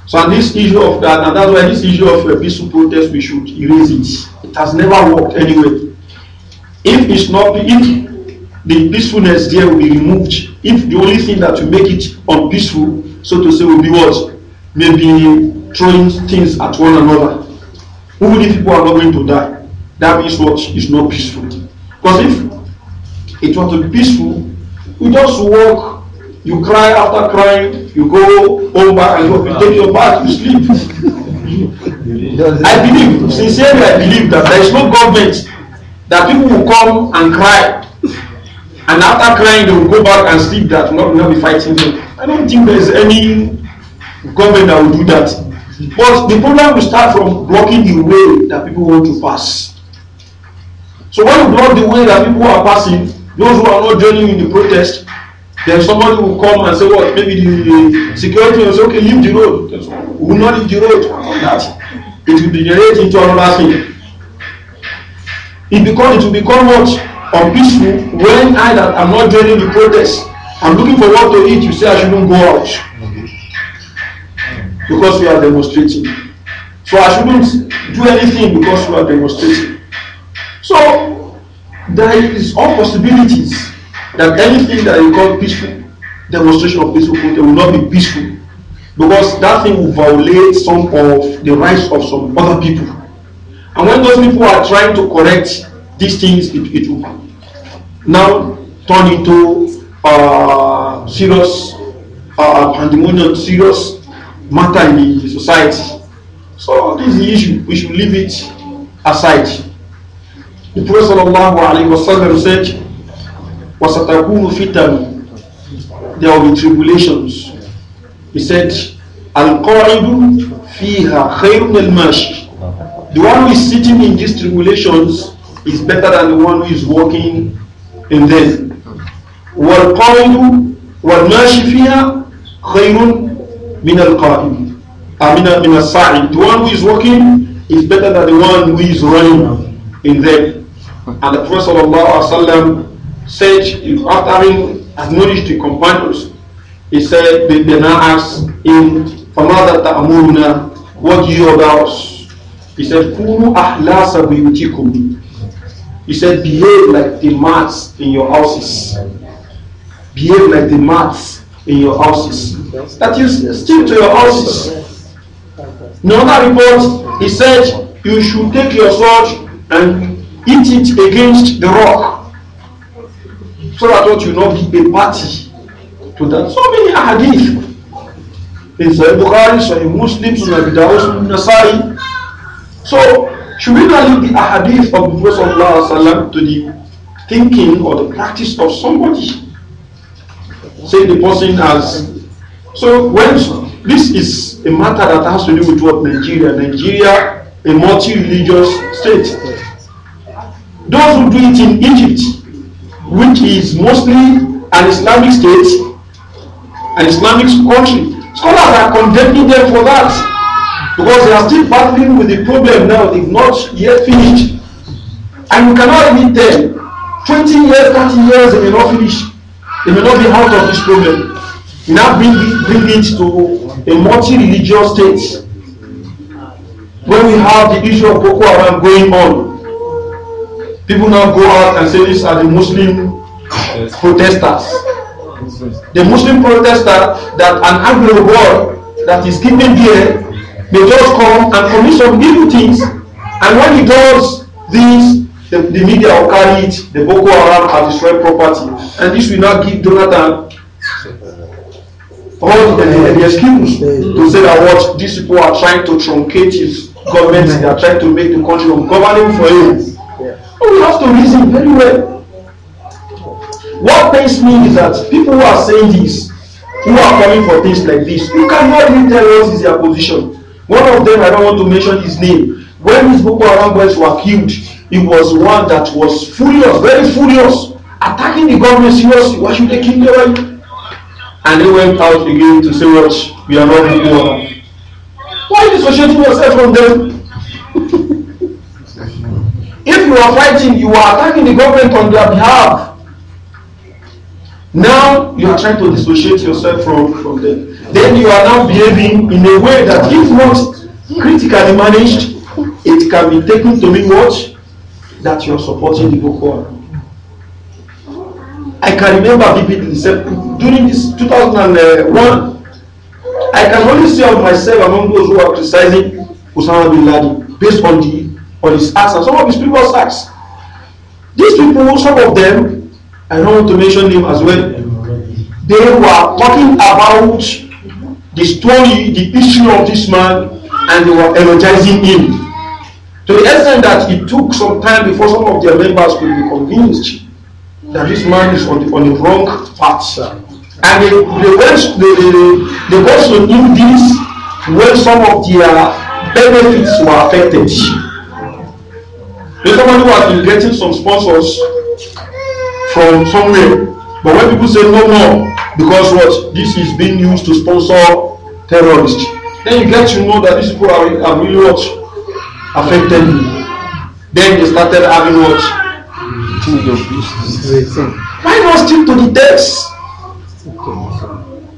A: So, and this issue of that, and that's why this issue of uh, peaceful protest, we should erase it. It has never worked anyway. If it's not, if the peacefulness there will be removed, if the only thing that will make it unpeaceful, so to say, will be what? maybe throwing things at one another, even if people are not going to die, that means what is not peaceful. Because if it was to be peaceful, you just walk, you cry after crying, you go home back and you take your bath, you sleep. (laughs) I believe, sincerely, I believe that there is no government that people will come and cry. And after crying, they will go back and sleep that will not, be fighting them. I
B: don't think there is
A: any government that will do that but the problem will start from blocking the way that people want to pass so when you block the way that people are passing those who are not joining in the protest then somebody will come and say what well, maybe the security will say okay leave the road we will not leave the road on that it will degenerate into another thing it become it will become what unpeaceful when i that am not joining the protest i'm looking for what to eat you say i shouldn't go out because we are demonstrating. So I shouldn't do anything because we are demonstrating. So there is all possibilities that anything that you call peaceful demonstration of peaceful protest will not be peaceful because that thing will violate some of the rights of some other people. And when those people are trying to correct these things, it, it will now turn into uh, serious uh, pandemonium, serious matter in the society. So this is the issue. We should leave it aside. The Prophet ﷺ said, وَسَتَكُونُ فِتَنُ There will be tribulations. He said, الْقَاعِدُ فِيهَا خَيْرٌ الْمَاشِ The one who is sitting in these tribulations is better than the one who is walking in them. وَالْقَاعِدُ وَالْمَاشِ فِيهَا خَيْرٌ min al-qa'im. Amina min al The one who is walking is better than the one who is running in them. And the Prophet sallallahu said, after having acknowledged the companions, he said, they then ask him, فَمَاذَا تَأْمُرُنَا What do you about us? He said, كُونُوا أَحْلَاسَ He said, behave like the mats in your houses. Behave like the mats in your houses that you stick to your horses. Another report, he said, you should take your sword and hit it against the rock so that what you not be a party to that. So many hadith. In Sahih Bukhari, Sahih Muslim, Sunnah Bidawus, Nasai. So, should we not leave the ahadith of the Prophet to the thinking or the practice of somebody? Say the person has so when this is a matter that has to do with what Nigeria, Nigeria, a multi-religious state. Those who do it in Egypt, which is mostly an Islamic state, an Islamic country, scholars are condemning them for that because they are still battling with the problem now. It's not yet finished, and you cannot meet them. 20 years, 30 years, they may not finish. They may not be out of this problem. You now bring it, bring it to a multi-religious state. When we have the issue of Boko Haram going on, people now go out and say these are the Muslim yes. protesters. The Muslim protester that an angry boy that is keeping here may just come and commit some evil things. And when he does this, the, the media will carry it, the Boko Haram have destroyed property. And this will now give Jonathan all the, the, eh, the excuse mm. to say that what these people are trying to truncate is government, they are trying to make the country ungovernable for you. But we have to reason very well. What pains me is that people who are saying this, who are coming for things like this, you cannot even tell us is their position. One of them, I don't want to mention his name. When these Boko Haram boys were killed, it was one that was furious, very furious, attacking the government seriously. Why should they kill their wife? and he went out again to say "Watch, we are not doing well. Why dissociate yourself from them? if you are fighting, you are attacking the government on their behalf. Now you are trying to dissociate yourself from, from them. Then you are now behaving in a way that if not critically managed, it can be taken to mean what? That you are supporting the Boko Haram. I can remember vividly during this 2001. I can only say of myself among those who are criticizing Osama bin Laden based on the on his acts and some of his previous acts. These people, some of them, I don't want to mention them as well. They were talking about the story, the issue of this man, and they were energizing him. To the extent that it took some time before some of their members could be convinced that this man is on the, on the wrong path. And they, they went they, they, got to do this when some of their benefits were affected. There's somebody who has been getting some sponsors from somewhere. But when people say no more, because what this is being used to sponsor terrorists, then you get to know that these people are, are really what affected. Then they
B: started having what do your business.
A: Why not stick to the text?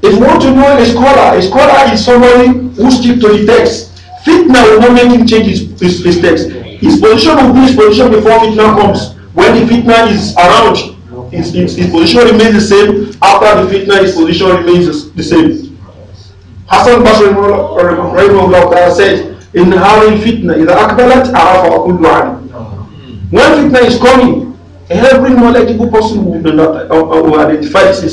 A: If you want to know a scholar, a scholar is somebody who sticks to the text. Fitna will not make him change his, his, his text. His position will be his position before fitna comes. When the fitna is around, his, his, his, position remains the same. After the fitna, his position remains the same. Hassan Basri said, In Hari fitna, إذا أقبلت عرف كل عالم.
B: When fitna is coming, Every knowledgeable person who not, uh, uh